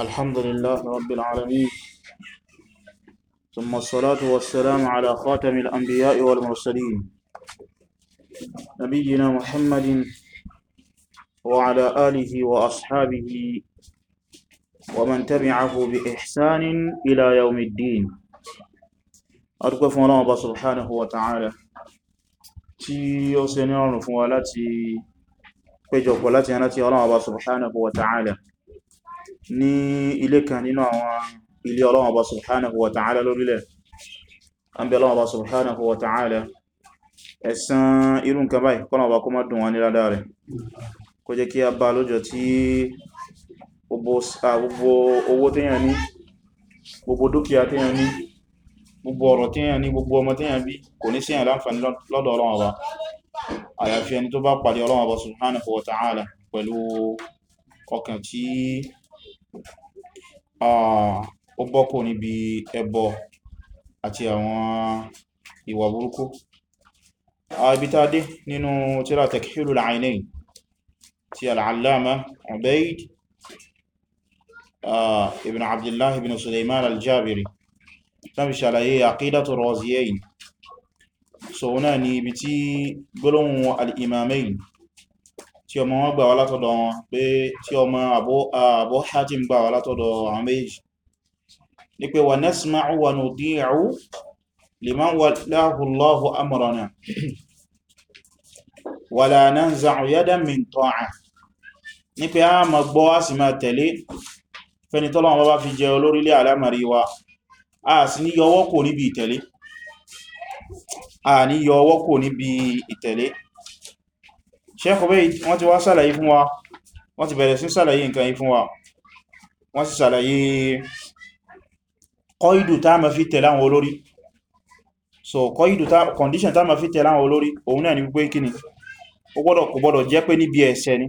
الحمد لله رب العالمين ثم الصلاة والسلام على خاتم الأنبياء والمرسلين نبينا محمد وعلى آله وأصحابه ومن تبعه بإحسان إلى يوم الدين أرقف الله سبحانه وتعالى تي ó فوالاتي ní ọrùn fún wa láti péjọpọ̀ láti rántí ní ilé kan nínú àwọn ilé Ọlọ́run Ọba subhanahu wa ta'ala lórílẹ̀ an bẹ Ọlọ́run Ọba subhanahu wa ta'ala ẹ̀san irú nǹkan báyìí kọ́nà ọba kó má dùn wọn ní ládàá rẹ̀ kó jẹ́ kí a bá lọ́jọ́ tí owó téèyàn ní gbogbo dúkìá téèyàn ní gbogbo ọ̀rọ̀ téèyàn ní gbogbo ọmọ téèyàn bí kò ní síyàn láǹfààní lọ́dọ̀ Ọlọ́run Ọba àyàfi ẹni tó bá pàdé Ọlọ́run Ọba subhanahu wa ta'ala pẹ̀lú ọkàn tí ó bọ́kò níbi ẹbọ àti àwọn ìwà burúkú ibi tá dé nínú tírà Takhirul Aynayn tí al-Allama Ubayd ibn Abdullah ibn Sulaiman al-Jabiri tàbí ṣàlàyé Aqidatu Raziyayn so náà ni ibi tí gbọ́lọ́hun al tí ọmọ wọn gbà wá látọ̀dọ̀ wọn pé tí ọmọ Abu Hatim gbà wá látọ̀dọ̀ àwọn méjì ní pé wà nasma'u wa nuti'u liman wallahu Allahu amrana wala nanza'u yadan min ta'ah ní pé a ma gbọ́ a sì ma tẹ̀lé fẹ́ni tọ́lọ́wọ́n bá Sheikh Ubayd wọ́n ti wá sàlàyé fún wa wọ́n ti bẹ̀rẹ̀ sí sàlàyé nǹkan yìí fún wa wọ́n sì sàlàyé kọ́ìdù tá fi tẹ̀lé àwọn olórí so kọ́ìdù tá condition tá ma fi tẹ̀lé àwọn olórí òun náà ni wípé kíni ó gbọ́dọ̀ kò gbọ́dọ̀ jẹ́ pé níbi ẹ̀ṣẹ̀ ni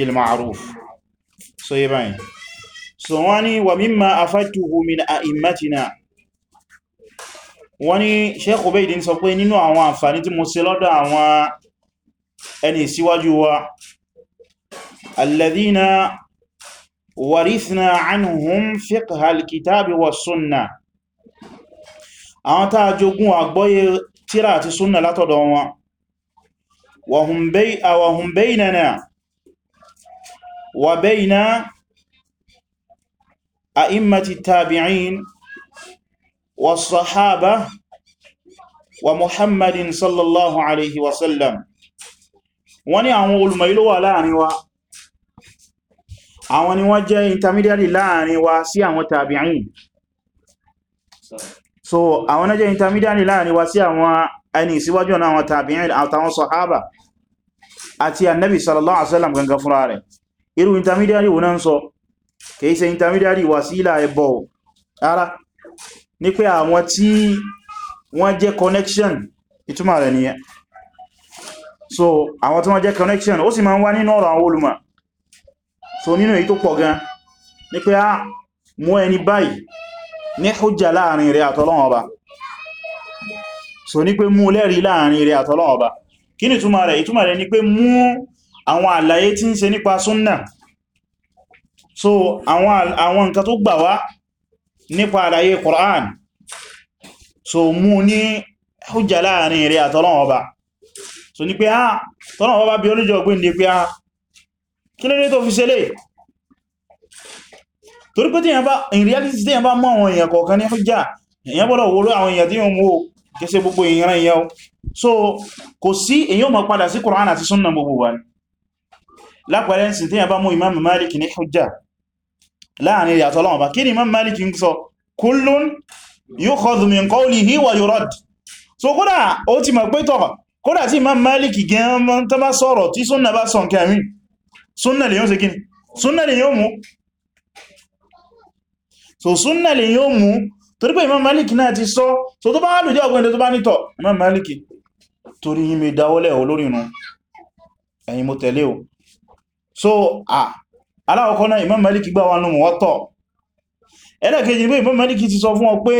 ni so yé so wọ́n ni wa mimma afatuhu wọ́n ní Sheikh Ubaidin sọ pé nínú àwọn àǹfààní tí mo ṣe lọ́dọ̀ àwọn ẹni síwájú wa alladhina warithna anhum fiqha alkitabi wa sunna àwọn tá jogún àgbọ́yé àti sunna látọ̀dọ̀ wọn wa hum والصحابة ومحمد صلى الله عليه وسلم wọ́n ní àwọn olùmọ̀ ìlú wà láàrin wa àwọn ni wọ́n jẹ́ intermediary láàrin wa sí àwọn tàbí'in so àwọn náà jẹ́ intermediary láàrin wa sí àwọn ẹni síwájú náà àwọn tàbí'in àtàwọn sọ̀hábà àti annabi sallallahu alaihi wasallam gangan fúnra rẹ̀ irú intermediary wọ́n ń sọ kìí ṣe intermediary wasila ẹbọ ara ní pé àwọn tí wọ́n jẹ́ connection ìtumà rẹ̀ nìyẹn so àwọn tí wọ́n jẹ́ connection ó sì máa ń wá nínú ọ̀rọ̀ àwọn olùmọ̀ so nínú èyí tó pọ̀ gan ní pé a ah, mú ẹni báyìí ní hujja láàrin rẹ̀ àtọ́lọ́wọ́ ọba so ní pé mú lẹ́rí láàrin rẹ̀ àtọ́lọ́wọ́ ọba kí ni ìtumà rẹ̀ ìtumà rẹ̀ ni pé mú àwọn àlàyé tí ń ṣe nípa súnnà so àwọn nǹkan tó gbà wá nípa àlàyé Qur'an so mú ní hujja láàrin rẹ̀ àtọ́lọ́wọ́ ọba so ní pé á ah, tọ́lọ́wọ́ ọba bí olójọ ọgbìn ní pé á ah, kí lórí tó fi ṣẹlẹ̀ torí pé in reality tí yẹn bá mọ́ àwọn èèyàn kọ̀ọ̀kan ní hujja èèyàn tí yẹn so kò sí èèyàn mọ̀ padà sí Qur'an àti sunna gbogbo wa lápẹẹrẹ sí tí yẹn bá mú Imam Malik ní hujja láàrin ìyàtọ̀ Ọlọ́run bá kí ni Imam Malik ń sọ kullun yukhadhu min qawlihi wa yurad so kódà ó ti mọ̀ pé tọ́kọ̀ kódà tí Imam Malik gan tó bá sọ̀rọ̀ tí súnnà bá sọ so súnnà lè yóò mú torí pé Imam so tó bá lùjẹ́ ọgbẹ́ndẹ́ tó bá nítọ̀ Imam Malik torí mo tẹ̀lé so ah aláwọ̀kọ́ náà Imam Malik gbà wà nínú Muwatta ẹlẹ́kejì pé Imam Malik ti sọ fún ọ pé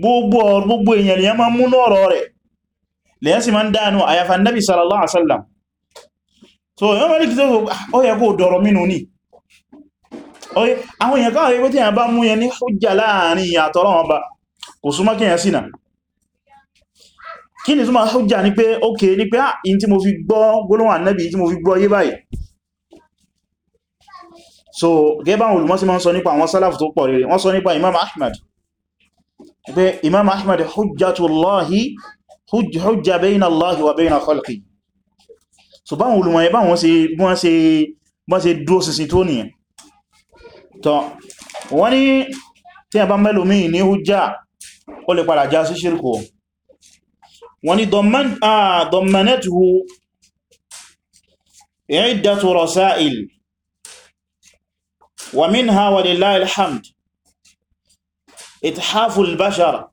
gbogbo èèyàn lèyàn máa múnú ọ̀rọ̀ rẹ̀ lèyàn sì máa ń dánú àyàfà Nabi sallallahu alaihi so Imam Malik tó ah, ó yẹ kó dọ̀rọ̀ mínú ní àwọn èèyàn káwọn ẹgbẹ́ tí a bá mú yẹn ní hujja láàrin ìyàtọ̀rọ̀ wọn ba kò súnmọ́ kí yẹn sínà so gẹ́bà àwọn olùmọ́sí ma ń sọ nípa àwọn sálàfù tó pọ̀ rere wọ́n sọ nípa imam ahmad pé imam ahmad hujjatullahi hujja bayna allahi wa bayna khalqi so báwọn olùmọ̀ yẹ báwọn ṣe bọ́n ṣe dúró sísin tó nìyàn tọ́ wọ́n ní tí a bá mẹ́lòmí ní hujja ó lè padà já sí ṣírkò wọ́n ní dọ̀mẹ́nẹ́tù ah, iddatu rasail ومنها ولله الحمد اتحاف البشر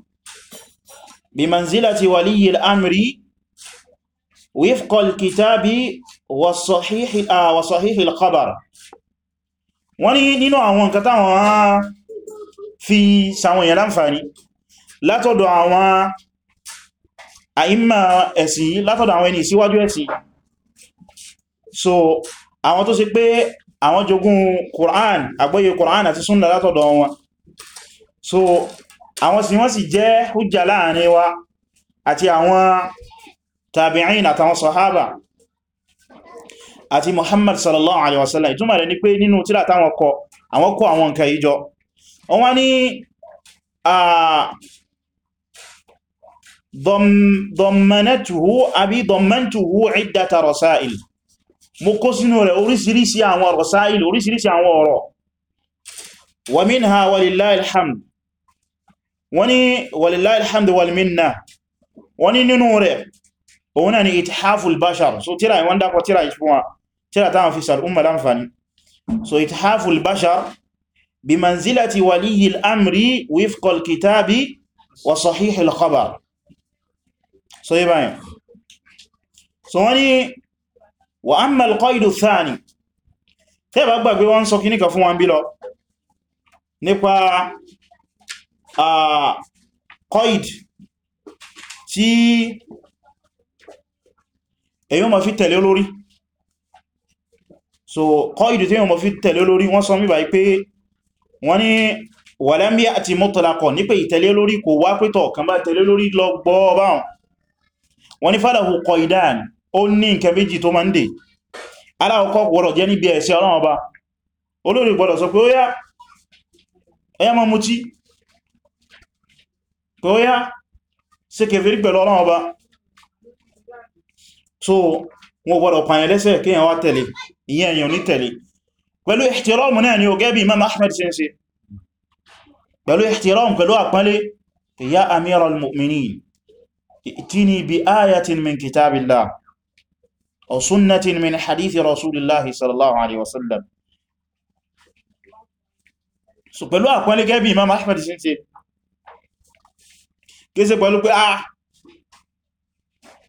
بمنزلة ولي الأمر وفق الكتاب والصحيح, آه وصحيح الخبر wọ́n ní nínú àwọn nǹkan táwọn fi sàwọn èèyàn láǹfààní látọ̀dọ̀ àwọn àìmà ẹ̀sìn látọ̀dọ̀ àwọn ẹni síwájú ẹ̀sìn so àwọn tó ṣe pé àwọn jogún Qur'an àgbóyé Qur'an àti súnnà látọ̀dọ̀ wọn so àwọn sì wọ́n sì jẹ́ hujja láàrin wa àti àwọn tabi'in àtàwọn sahaba àti Muhammad sallallahu alaihi wasallam ìtumọ̀ rẹ̀ ni pé nínú tíra táwọn kọ àwọn kó àwọn nǹkan ìjọ wọ́n ضمنته أبي ضمنته عدة رسائل mo kó sínú rẹ̀ orísìírísìí àwọn ọ̀rọ̀ sáìl orísìírísìí àwọn ọ̀rọ̀ wa minha walillahil hamd wọ́n ni walillahil hamd wal minna wọ́n ni nínú rẹ̀ òun náà ni itihaful bashar so tíra ìwọ́n dákọ̀ tíra ìfúnwa tíra táwọn fi sàrùmà láǹfàní so yi bayan so wani wa amma al-qaydu thani tẹ́ bá gbàgbé wọ́n sọ kíníkà fún wọn bí lọ nípa qaid tí èyàn ma fi tẹ̀lé lórí so qaid tí èyàn ma fi tẹ̀lé lórí wọ́n sọ mí báyìí pé wọ́n ní walam ya'ti mutlaqan ní pé ìtẹ̀lé lórí kò wá pẹ́tọ̀ kan bá tẹ̀lé lórí lọ gbọ́ báwọn wọ́n ní falahu qaydan ó ní nǹkan méjì tó máa ń dè aláwọ̀kọ́ gbọ́dọ̀ jẹ́ níbi ẹ̀sẹ̀ ọlọ́run ọba olórí gbọ́dọ̀ sọ pé ó yá ẹyá máa mú tí pé ó yá sí kèfèrí pẹ̀lú ọlọ́run ọba so wọ́n gbọ́dọ̀ pààyàn lẹ́sẹ̀ kí èyàn wá tẹ̀lé ìyẹn èyàn ní tẹ̀lé pẹ̀lú ihtiram náà ni ó gẹ́bí Imam Ahmad sẹ́nsẹ́ pẹ̀lú ihtiram pẹ̀lú àpọ́nlé ya amiral mu'minin itini bi ayatin min kitabillah أو سنة من حديث رسول الله صلى الله عليه وسلم so pẹ̀lú àpọ́nlé gẹ́bí Imam Ahmad sí ti kéèsè pẹ̀lú pé ah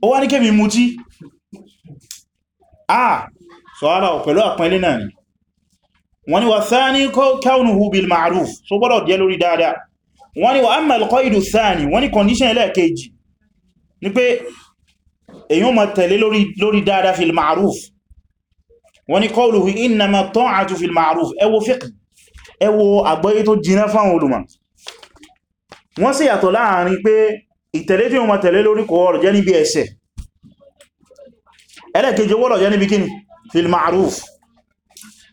ó wá ní kébì mútí ah so ara ò pẹ̀lú àpọ́nlé náà ni wọ́n ni wà thani kaunuhu bil ma'ruf so gbọ́dọ̀ díẹ̀ lórí dáadáa wọ́n ni wà amma al-qaidu thani wọ́n ni condition ẹlẹ́ẹ̀kejì ni pé èyàn ma tẹ̀lé lórí lórí dáadáa fil ma'ruf wọ́n ni qawluhu innama ta'atu fil ma'ruf ẹ wo fiqh ẹ wo àgbọ́yé tó jiná fáwọn olùmọ̀ wọ́n sì yàtọ̀ láàrin pé ìtẹ̀lé tí wọ́n ma tẹ̀lé lórí kọ̀ọ̀rọ̀ jẹ́ níbi ẹ̀ṣẹ̀ ẹlẹ́kejì wọ́lọ̀ jẹ́ níbi kíni fil ma'ruf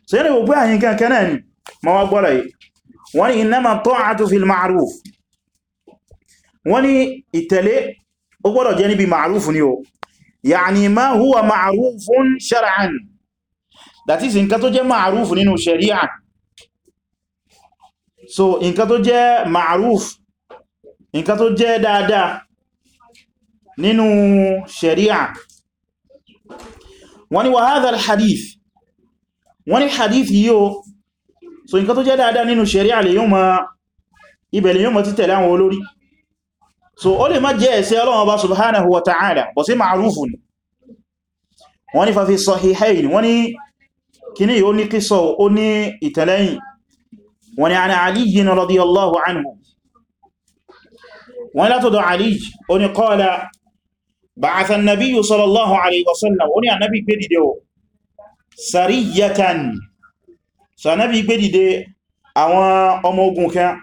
so yẹ́nà gbogbo àyín ni ma wá ni o yàní ma huwa ma'arufun shara'an that is nǹkan tó jẹ́ ma'aruf nínú shari'a so nǹkan tó jẹ́ ma'aruf nǹkan tó jẹ́ dáadáa nínú shari'a wani wa hadha al-hadith wani hadith yíò so nǹkan tó jẹ́ dáadáa nínú shari'a lè yíò ma ibẹ̀ lè yíò ma títẹ̀lé àwọn olórí so ó lè má jẹ́ ẹ̀ṣẹ̀ Ọlọ́run Ọba subhanahu wa ta'ala bọ̀ sí ma'rufu ni wọ́n ní fa fi sahihayn wọ́n ní kíní yóò ní kíso ó ní ìtẹ̀lẹ́yìn wọ́n ní ana aliyin radiyallahu anhu wọ́n látọ̀dọ̀ aliy ó ní qala ba'atha an-nabiyyu sallallahu alaihi wasallam ó ní ànábì gbé dìde o sariyatan so ànábì gbé dìde àwọn ọmọ ogun kan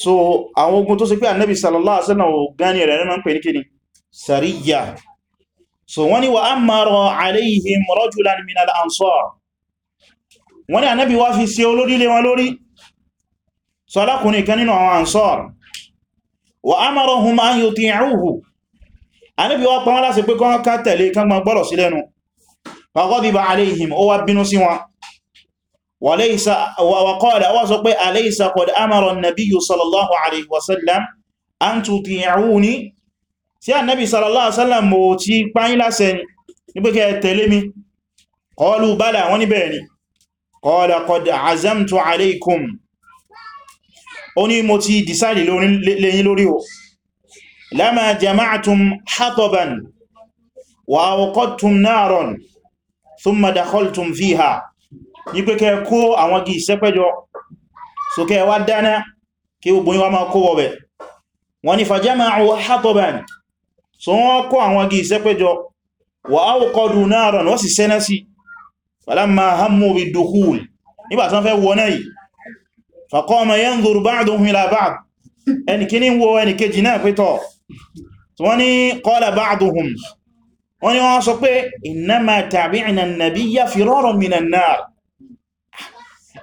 so àwọn ogun tó ṣe pé annabi sallallahu alaihi wasallam gani rẹ̀ ní ma ń pè ní kíni so wọ́n ni wa amara alaihim rajulan min al-ansar wọ́n ni annabi wá fi ṣe olórí lé wọn lórí so alákùnrin kan nínú àwọn ansar وقال وصق أليس قد أمر النبي صلى الله عليه وسلم أن تطيعوني سي النبي صلى الله عليه وسلم موتي باين لسن نبكي تلمي قالوا بلى ونبيني قال قد عزمت عليكم أني موتي ديسالي لين لوريو لما جمعتم حطبا وأوقدتم نارا ثم دخلتم فيها ní pé kẹ kó àwọn igi ìsẹ́pẹ́jọ so kẹ wá dáná kí gbogbo yín wá máa kó wọ̀bẹ̀ wọ́n ni fajama'u hatoban so wọ́n kó àwọn igi ìsẹ́pẹ́jọ wa awqadu naran wọ́n sì sẹ́ná sí falamma hammu bidukhul nígbà tán fẹ́ wọ́n náà faqama yanzuru ba'duhum ila ba'd ẹnikini wo ẹnìkejì náà pẹ́tọ̀ wọ́n ni qala ba'duhum wọ́n ni wọ́n sọ pé innama tabi'na an-nabiyya firaran minan nar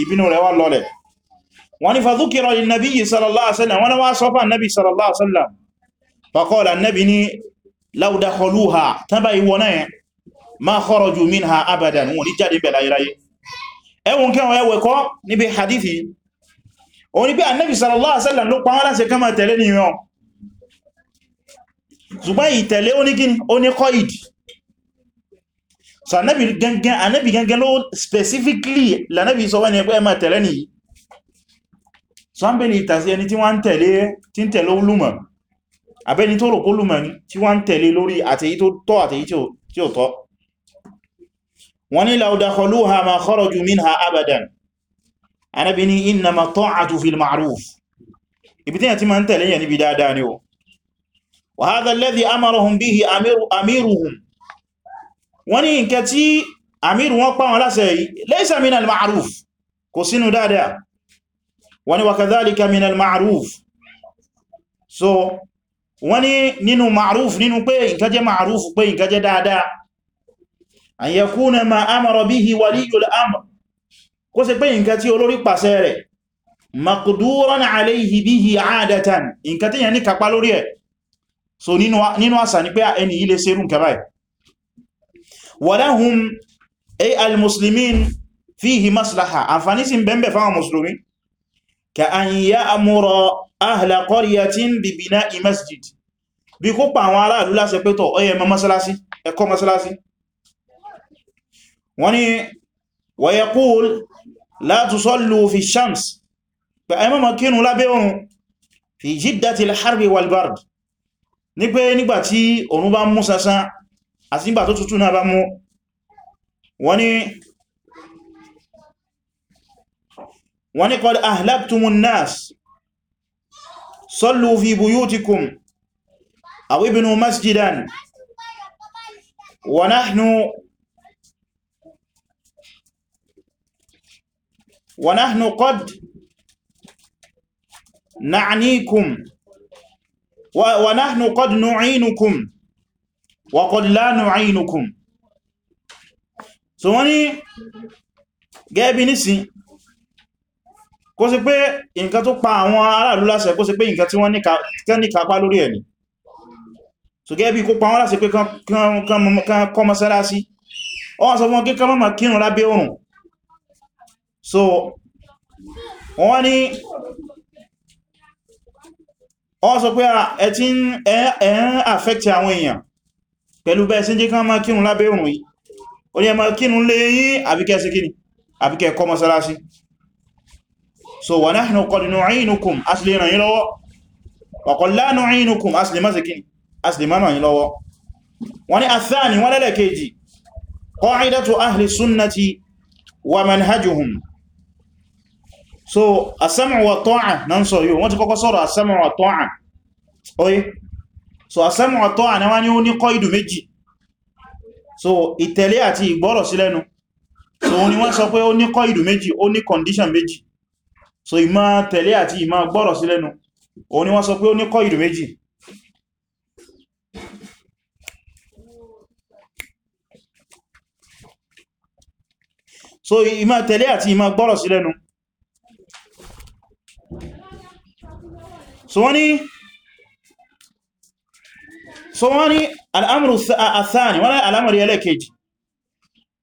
ìbínú rẹ̀ wá lọ́lẹ̀ wọ́n ni fàzúkìrọ ìnàbí sallallahu alaihi wasallam wọ́n wá sọ́fà nàbí sallallahu alaihi wasallam fàkọ́ọ̀lá nàbí ní láwùdákọlúhà tàbí ìwọ̀ náà ma kharaju minha abadan wọn ní jáde bẹ̀lá iráyé ẹwùn kẹwọn annabi sallallahu alaihi wasallam ló pa wọ́n láti kama tẹ̀lé nìyàn ṣùgbọ́n ìtẹ̀lé ó ní ìdí so anabi gangan anabi gangan ló specifically lanabi sọ wọ́n ni pé ẹ máa tẹ̀lé nìyí so an bẹni ìtàsí ẹni tí wọ́n tẹ̀lé tí ń tẹ̀lé olùmọ̀ abẹni tó rọ̀kó olùmọ̀ ní tí wọ́n tẹ̀lé lórí àtẹ̀yí tó tọ́ àtẹ̀yí tí ó tọ́ wọ́n ni law dakhaluha ma kharaju minha abadan anabi ni innama ta'atu fil ma'ruf ibi tí ti máa ń tẹ̀lé yẹn níbi ni o wa hadha alladhi amarahum bihi amiruhum wọ́n ní nǹkan tí amir wọ́n pa wọn láṣẹ laysa min al-ma'ruf kò sínú dáadáa wọ́n ní wa kadhalika min al-ma'ruf so wọ́n ní nínú ma'ruf nínú pé nǹkan jẹ́ ma'ruf pé nǹkan jẹ́ dáadáa an yakuna ma amara bihi waliyul amr kó ṣe pé nǹkan tí olórí pàṣẹ rẹ̀ maqduran alayhi bihi aadatan nǹkan tí ní kapa lórí ẹ̀ so nínú àṣà ni pé ẹni yìí lè ṣerú báyìí walahum ay al-muslimin fihi maslaha àǹfàní sí bẹ̀m̀bẹ̀ fáwọn musulmi ka an ya'mura ahla qaryatin bi bina'i masjid bí kó pa àwọn aráàlú láṣẹ pé tọ̀ ọyẹ mọ́ masalasi ẹ kọ́ masalasi wọ́n ni wa yaqul la tusallu fi shams pẹ̀ ẹ mọ́ kínú lábẹ́ oòrùn fi jiddati àti tó tútù náà bá mú wọ́n ní wọ́n ní qad nas sallu fi buyutikum aw ibnu masjidan wa nahnu wa nahnu qad na'nikum wa nahnu qad nu'inukum wa qad la nu'inukum so wọ́n ní gẹ́ẹ̀bí nísìn kó sí pé nǹkan tó pa àwọn aráàlú láṣẹ kó sí pé nǹkan tí wọ́n ní kápá lórí ẹni so gẹ́ẹ̀bí kó pa wọ́n láṣẹ pé kọ́ mọ́sálásí ọwọ́n sọ fún wọn mọ́mà kírùn lábẹ́ oòrùn so wọ́n ní ọwọ́n sọ pé ẹ̀ tí ń affect àwọn èèyàn pẹ̀lú bẹ́ẹ̀ sí jẹ́ kán máa kírun lábẹ́ òrùn yìí ó ní ẹmọ kírun lé yín àbíkẹ́ sí kíni àbíkẹ́ kọ́ mọ́sálásí so wa nahnu qad nu'inukum asli ràn yín lọ́wọ́ wa qad la nu'inukum asli mọ́ sí mọ́ so asẹ́mù ọ̀tọ́ àníwá ní ó ní kọ́ ìdù méjì so ìtẹ̀lé àti ìgbọ́rọ̀ sí lẹ́nu so ni wọ́n sọ pé o ní kọ́ ìdù méjì o ní condition méjì so ima tẹ̀lé àti ìmá gbọ́rọ̀ sí lẹ́nu ó ní wọ́n sọ pé ó ní kọ́ ìdù méjì so ima tẹ̀lé àti ìmá gbọ́rọ̀ sí lẹ́nu so wọ́n ní so wọ́n ní al'amuru athani wọ́n ní al'amuru ẹlẹ́kejì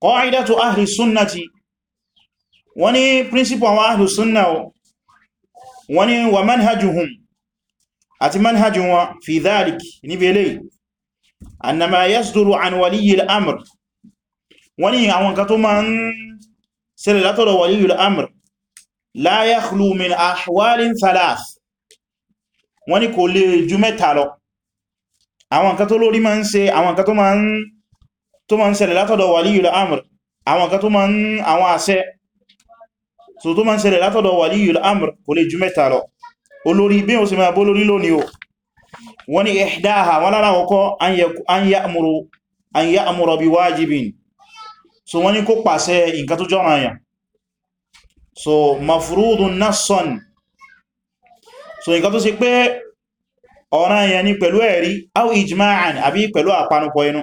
qa'idatu ahli sunnati wọ́n ní principle àwọn ahli sunna wọ́n ní wa manhajuhum àti manhajun wọn fi dhalik níbi eléyìí annama yasduru an waliyi al'amur wọ́n ní àwọn kan tó ma ń ṣẹlẹ̀ látọ̀dọ̀ waliyi al'amur la yakhlu min ahwalin thalath wọ́n ní kò ju mẹ́ta àwọn nǹkan tó lórí máa ń ṣe àwọn nǹkan tó máa ń ṣẹlẹ̀ látọ̀dọ̀ waliyul amr àwọn nǹkan tó máa ń àwọn àṣẹ so tó máa ń ṣẹlẹ̀ látọ̀dọ̀ waliyul amr kò lè ju mẹ́ta lọ olórí bí o sì máa bó lórí lónìí o wọ́n ni ihdaha wọ́n lára ọkọ́ so wọ́n ni kó pàṣẹ ọ̀ràn yẹn ni pẹ̀lú ẹ̀rí aw ijma'an àbí pẹ̀lú àpanupọ̀ inú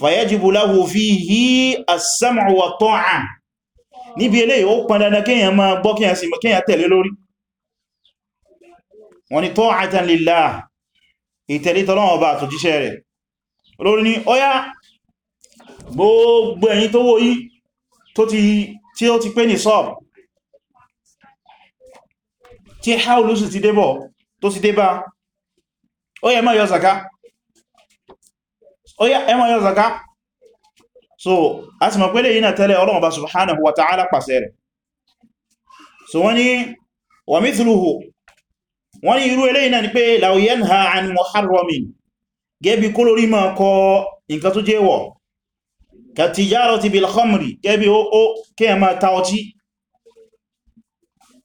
fayajibu lahu fihi as-sam'u wa ta'a níbi eléyìí ó pọn dandan kíyàn máa gbọ́ kíyàn sí kíyàn tẹ̀lé lórí wọ́n ni ta'atan lillah ìtẹ̀lé tọ́lọ́wọ́ bá àtòjíṣẹ́ rẹ̀ lórí ní ti pé ní ti débọ̀ tó ti débá ó yẹ mọ́ yọ zaka ó yẹ yọ zaka so a ti mọ̀ pé lèyìn náà tẹ́lẹ̀ Ọlọ́run Ọba subhanahu wa ta'ala pàṣẹ rẹ̀ so wọ́n ni wa mithluhu wọ́n ni irú eléyìn náà ni pé law yanha an muharramin gẹ́bí kólórí máa kọ nǹkan tó jẹ́ wọ̀ ka tijarati bil khamri gẹ́bí ó ó kí ẹ máa ta ọtí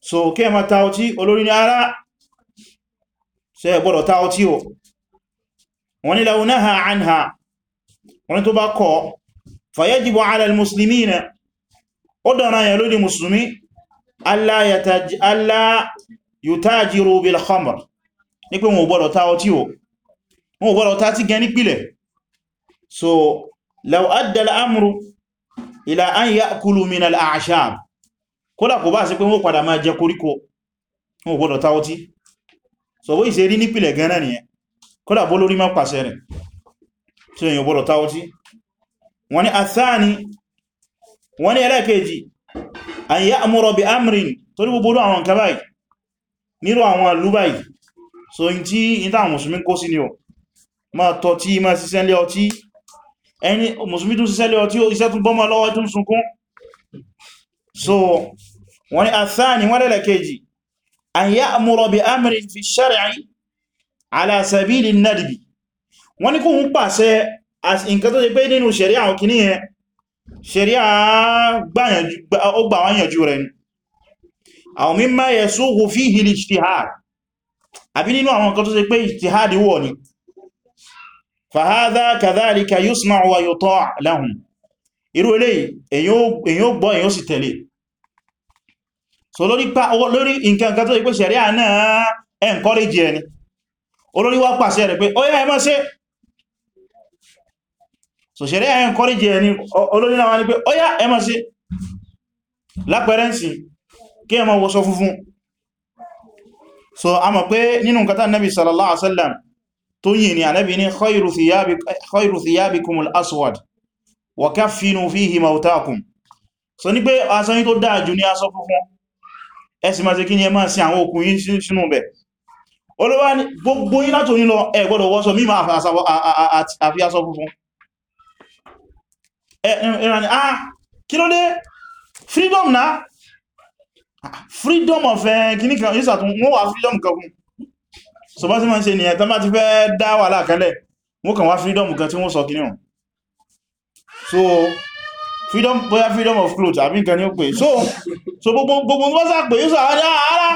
so kí ẹ máa ta ọtí olórin ara ṣe ẹgbọ́dọ̀ ta ọtí o wọ́n ni law naha anha wọ́n tó bá kọ̀ fayajibu ala al-muslimina ó dára yà lórí musulmi alla yutajiru bil khamr so law adda al-amru ila an ya'kulu min al-a'shab kódà kò bá sí pé wọ́n padà máa jẹ koríko wọn ta ọtí so bó ìṣe rí nípìlẹ̀ gan náà nìyẹn kódà bó lórí máa pàṣẹ rẹ̀ tí èyàn gbọ́dọ̀ táwọ́ tí wọ́n ni àtsáàni wọ́n ni ẹlẹ́kẹ́jì an ya'muru bi amrin tó ní gbogbo àwọn nǹkan báyìí nírò àwọn ìlú báyìí so in tí ìta mùsùlùmí kó sí ni o máa tọ́ tí máa ṣiṣẹ́ lé ọtí ẹni mùsùlùmí tún ṣiṣẹ́ lé ọtí so wọ́n ni àtsáàni wọ́n lẹ́lẹ́kẹ́jì an ya'muru bi amrin fi shar'i ala sabili nadbi wọ́n ní kó ń pàṣẹ nǹkan tó ṣe pé nínú ṣẹ̀ríà òkìní yẹn ṣẹ̀ríà ó gbà wáyànjú rẹ̀ ni aw mimma yasughu fihi al-ijtihad àbí nínú àwọn nǹkan tó ṣe pé ijtihad wọ̀ ni fa hadha kadhalika yusma'u wa yuta' lahum so lori pa owó lórí nǹkan kan tó yí pé ṣẹ̀ríà náà encourage ẹni olórí wá pàṣẹ rẹ̀ pé ó yá ẹ máa ṣe so ṣẹ̀ríà encourage ẹni olórí náà wá ni, pé ó yá ẹ máa ṣe lápẹrẹnsì kí ẹ máa wọṣọ funfun so a mọ̀ pé nínú nǹkan nabi sallallahu alaihi wasallam tó yìí ni khairu ní khairu thiyabikum al-aswad wa kaffinu fihi mawtakum so ní pé aṣọ yìí tó dáa jù ní aṣọ funfun ẹsì máa ṣe kí ní ẹ máa sin àwọn òkú yín sínú bẹ̀ olówá ní gbogbo yín látò nílọ ẹ gbọ́dọ̀ wọ́sọ mímọ̀ àfi aṣọ funfun ẹ̀rọ ah kí ló dé freedom náà ah, freedom of eh, kíní kan yíṣà freedom kan fún so bá sí máa ṣe nìyẹn tán bá ti fẹ́ dá wà láàkálẹ̀ wọ́n kàn wá freedom kan tí wọ́n sọ kíní freedom bóyá freedom of clothes. àbí nǹkan ni ó pè so so gbogbo gbogbo wọ́n sá pé yóò sàárá ara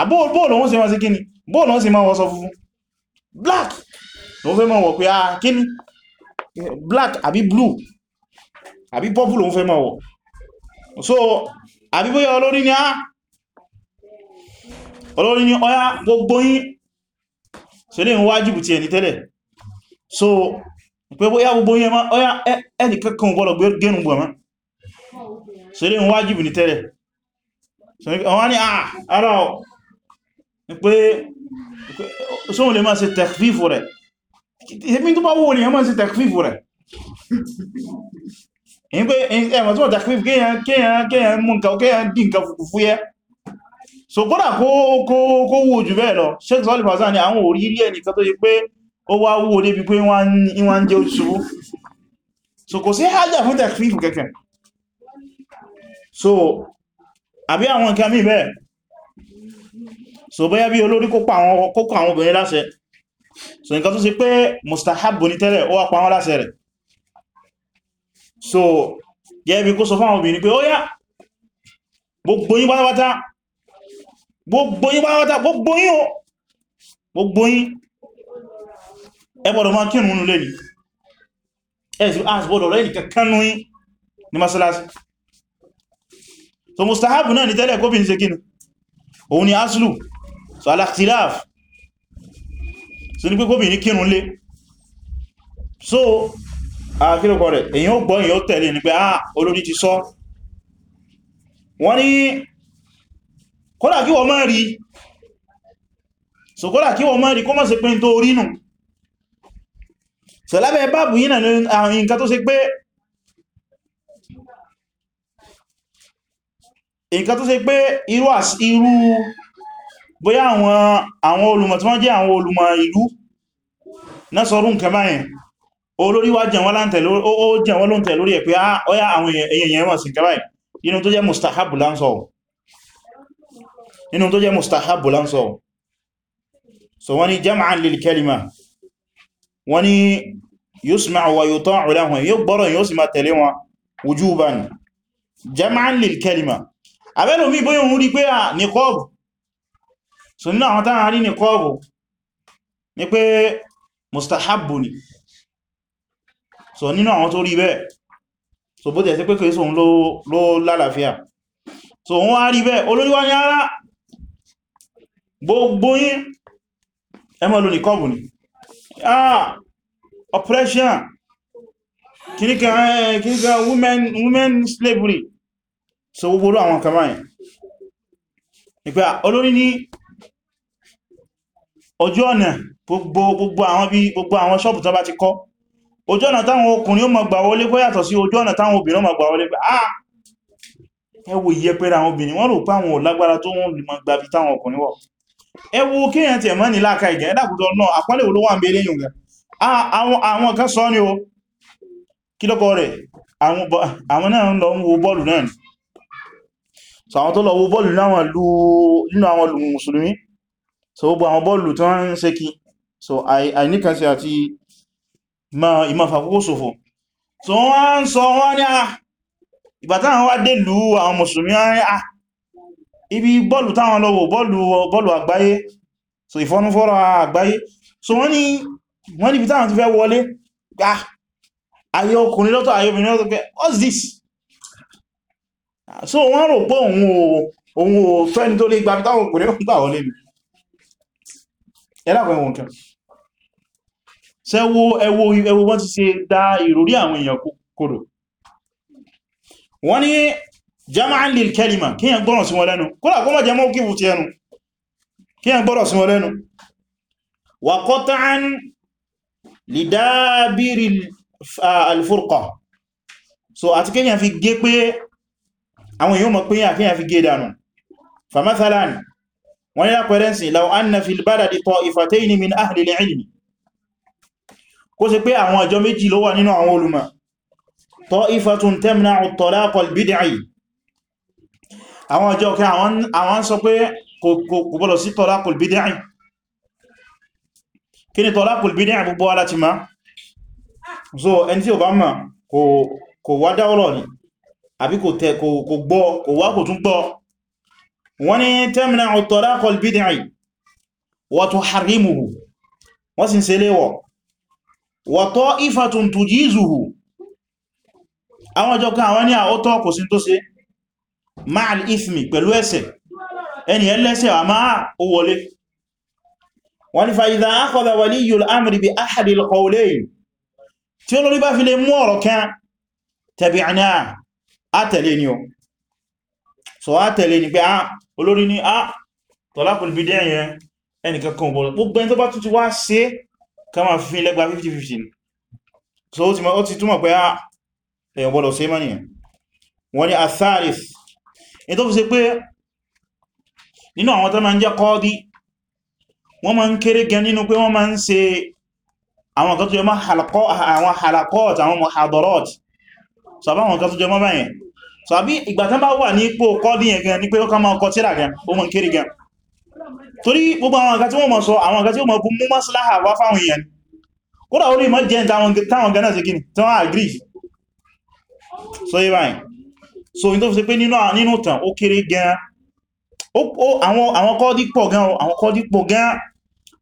àbóòlù wọ́n ṣe máa sí kíni bóòlù wọ́n ṣe máa wọ́sọ funfun black no, fẹ́ máa wọ̀ pé ah kíni black àbí blue àbí purple ló fẹ́ máa wọ̀ so àbí bóyá olórí ni á ah, olórí ni ọya gbogbo yín ṣe lè ń wájìbù ti ẹni tẹ́lẹ̀ so pé bóyá gbogbo yẹn má ọyá ẹnìkankan gbọ́dọ̀ gẹ́rùn gbọ̀mọ́ sórí ń wájìbù ní tẹ́lẹ̀ wọ́n ní ah, ara ọ̀ pé sóhun lè máa ṣe tẹ̀kfífù rẹ̀ èmi tó bá wò lè máa ṣe tẹ̀kfífù rẹ̀ èyí tó tẹ̀kfífù kéèyàn mú nǹkan ó wá wúwo débi pé wọ́n jẹ́ òṣùwú so kò sí hajjá fún takfifu kẹ́kẹ́ so àbí àwọn nǹkan mí bẹ́ẹ̀ so bẹ́yà bí olórí kópa àwọn obìnrin láṣẹ so nǹkan tó sì pé mustahabu ní tẹ́lẹ̀ ó wá so yẹ́ bí kó sọ fún àwọn obìnrin pé ó yá gbogbo yín pátápátá gbogbo yín ẹgbọ́dọ̀ máa kírùn ún lè ní ẹ̀sì àṣìbọ́dọ̀ rẹ̀ ní kankanú ní masalasi so mustahabu náà ni tẹ́lẹ̀ kóbi ní ṣe kíni òun ni aslu so alaktilaf so ní pé kóbi ní kírùn lé so àkílùkọ rẹ̀ èyàn ó gbọ́ èyàn ó tẹ̀lé ní pé ah olórí ti sọ wọ́n ní kódà kí wọ́n máa rí so kódà kí wọ́n máa rí kó má ṣe pé ní tó orí so lábẹ́ báàbù yìí náà àwọn nǹkan tó ṣe pé nǹkan tó ṣe pé irú irú bóyá àwọn àwọn olùmọ̀ tí wọ́n jẹ́ àwọn olùmọ̀ ìlú náà sọrún nǹkan báyẹn olórí wá jẹ̀wọ́n lóǹtẹ̀ lórí ẹ̀ pé ọya ah, àwọn èèyàn ẹ̀wọ̀n sí kẹbàá inú tó jẹ́ mustahabu lánsọ̀ inú tó jẹ́ mustahabu lánsọ̀ so wọ́n ni jam'an lil kalima wọ́n ni yusma'u wa yuta'u lahum yóò gbọ́rọ̀ yóò sì máa tẹ̀lé wọn wujuban jam'an lil kalima abẹ́lò mi bóyá òun rí pé à ní kọ́ọ̀bù so nínú àwọn táwọn rí ní kọ́ọ̀bù ní pé mustahabbu ni so nínú tó rí bẹ́ẹ̀ so bó tẹ̀ sí pé kìí sóhun ló lálàáfíà so wọ́n wá rí bẹ́ẹ̀ olóríwá ní ara gbogbo yín ẹ má lò ni ah oppression kìníkà kìníkà eh, women women slavery so gbogbo àwọn kama yẹn ìpé olórí ní ojú ọ̀nà gbogbo àwọn bí gbogbo àwọn ṣọ́pù tó bá ti kọ́ ojú ọ̀nà táwọn ọkùnrin ó máa gbà wọlé kó yàtọ̀ sí ojú ọ̀nà táwọn o ó máa gbà wọlé pé ah ẹwò yẹpẹrẹ àwọn obìnrin wọ́n rò pé àwọn ò lágbára tó wọ́n lè máa gbà bí táwọn ọkùnrin wọ̀ ẹ wo kíyàn tí ẹ̀mọ́ ní láàká ìgẹ̀ ẹ̀dàkùtọ̀ náà àpọ́lẹ̀ wo ló wà ń bẹ lẹ́yìn rẹ̀ àwọn kan sọ ní o kí lọ́kọ́ rẹ̀ àwọn náà ń lọ wo bọ́ọ̀lù náà ni so àwọn tó lọ wo bọ́ọ̀lù nínú àwọn lù so gbogbo àwọn bọ́ọ̀lù tó ń ṣe kí so àìníkànsí àti ìmọ̀fàkókò ṣòfò so wọ́n ń sọ wọ́n ní à ìgbàtà àwọn wá ibi bọ́ọ̀lù táwọn lọ wò bọ́ọ̀lù àgbáyé so ìfọ́núfọ́ra àgbáyé so wọ́n ní wọ́n níbi táwọn ti fẹ́ wọlé gbá ayé ọkùnrin lọ́tọ̀ ayé obìnrin lọ́tọ̀ pé what's this so wọ́n rò pé òun ò fẹ́ni tó lè gbàbí táwọn ọkùnrin gbà wọlé mi ẹlàpọ̀ ẹwọ̀n kan sẹ́wọ́ ẹwọ́ ẹwọ́ wọ́n ti ṣe dá ìròrí àwọn èèyàn kòrò wọ́n ní jama'an lil kalima kí yẹn gbọ́rọ̀ sí wọn lẹ́nu kódà kó mọ́ jẹ mọ́ kífù ti ẹnu kí yẹn gbọ́rọ̀ sí wọn lẹ́nu wa qat'an lidabiri alfurqa so àti kí yẹn fi gé pé àwọn èèyàn mọ̀ pé yà kí yẹn fi gé dànù famathalan wọ́n ni lápẹẹrẹ sí law anna fil baladi ta'ifatayn min ahli al-ilmi kó ṣe pé àwọn àjọ méjì ló nínú àwọn olùmọ̀ ta'ifatun tamna'u at-talaq al àwọn ọjọ́ kí àwọn sọ pé kò gbọ́dọ̀ sí talaqul bid'i kí ni talaqul bid'i gbogbo wa láti ma so ẹni tí ò bá mọ̀ kò wá dáwọ́rọ̀ ni àbí kò tẹ kò gbọ́ kò wá kò tún gbọ́ wọ́n ni tamna'u talaqul ma'al ithmi pẹ̀lú ẹ̀ṣẹ̀ ẹni ẹlẹ́ṣẹ̀ a máa ó wọlé wọ́n ni fa'idha akhadha waliyyul amri bi ahadil qawlayn tí ó lórí bá fi lè mú ọ̀rọ̀ kan tabi'na àtẹ̀lé ni ó so àtẹ̀lé ni pé ah, olórí ní a ah, talaqul bid'a yẹn ẹni kankan bọ̀lọ̀ gbogbo ẹni tó bá tún ti wá sí ká máa fi lẹ́gbà 50-50 so ó ti túnmọ̀ pé a ah, èèyàn gbọ́dọ̀ sí mọ́ nìyàn wọ́n ni athalith e tó fi se pé nínú àwọn tó ma ń jẹ́ kọ́ọ́dí wọ́n ma ń kéré gan nínú pé wọ́n ma ń se àwọn kan tó jẹ́ àwọn halakọ́t àwọn so àbáwọn kan tó jẹ́ mọ́ báyẹn so àbí ìgbà tán bá wà ní ipò kọ́ọ́dí yẹn gan ní pé ó ká ma ń kéré torí gbogbo sọ àwọn nǹkan tí so in tó fi ṣe pé nínú tàn ó kéré gan àwọn kọ́dí pọ̀ gan àwọn kọ́dí pọ̀ gan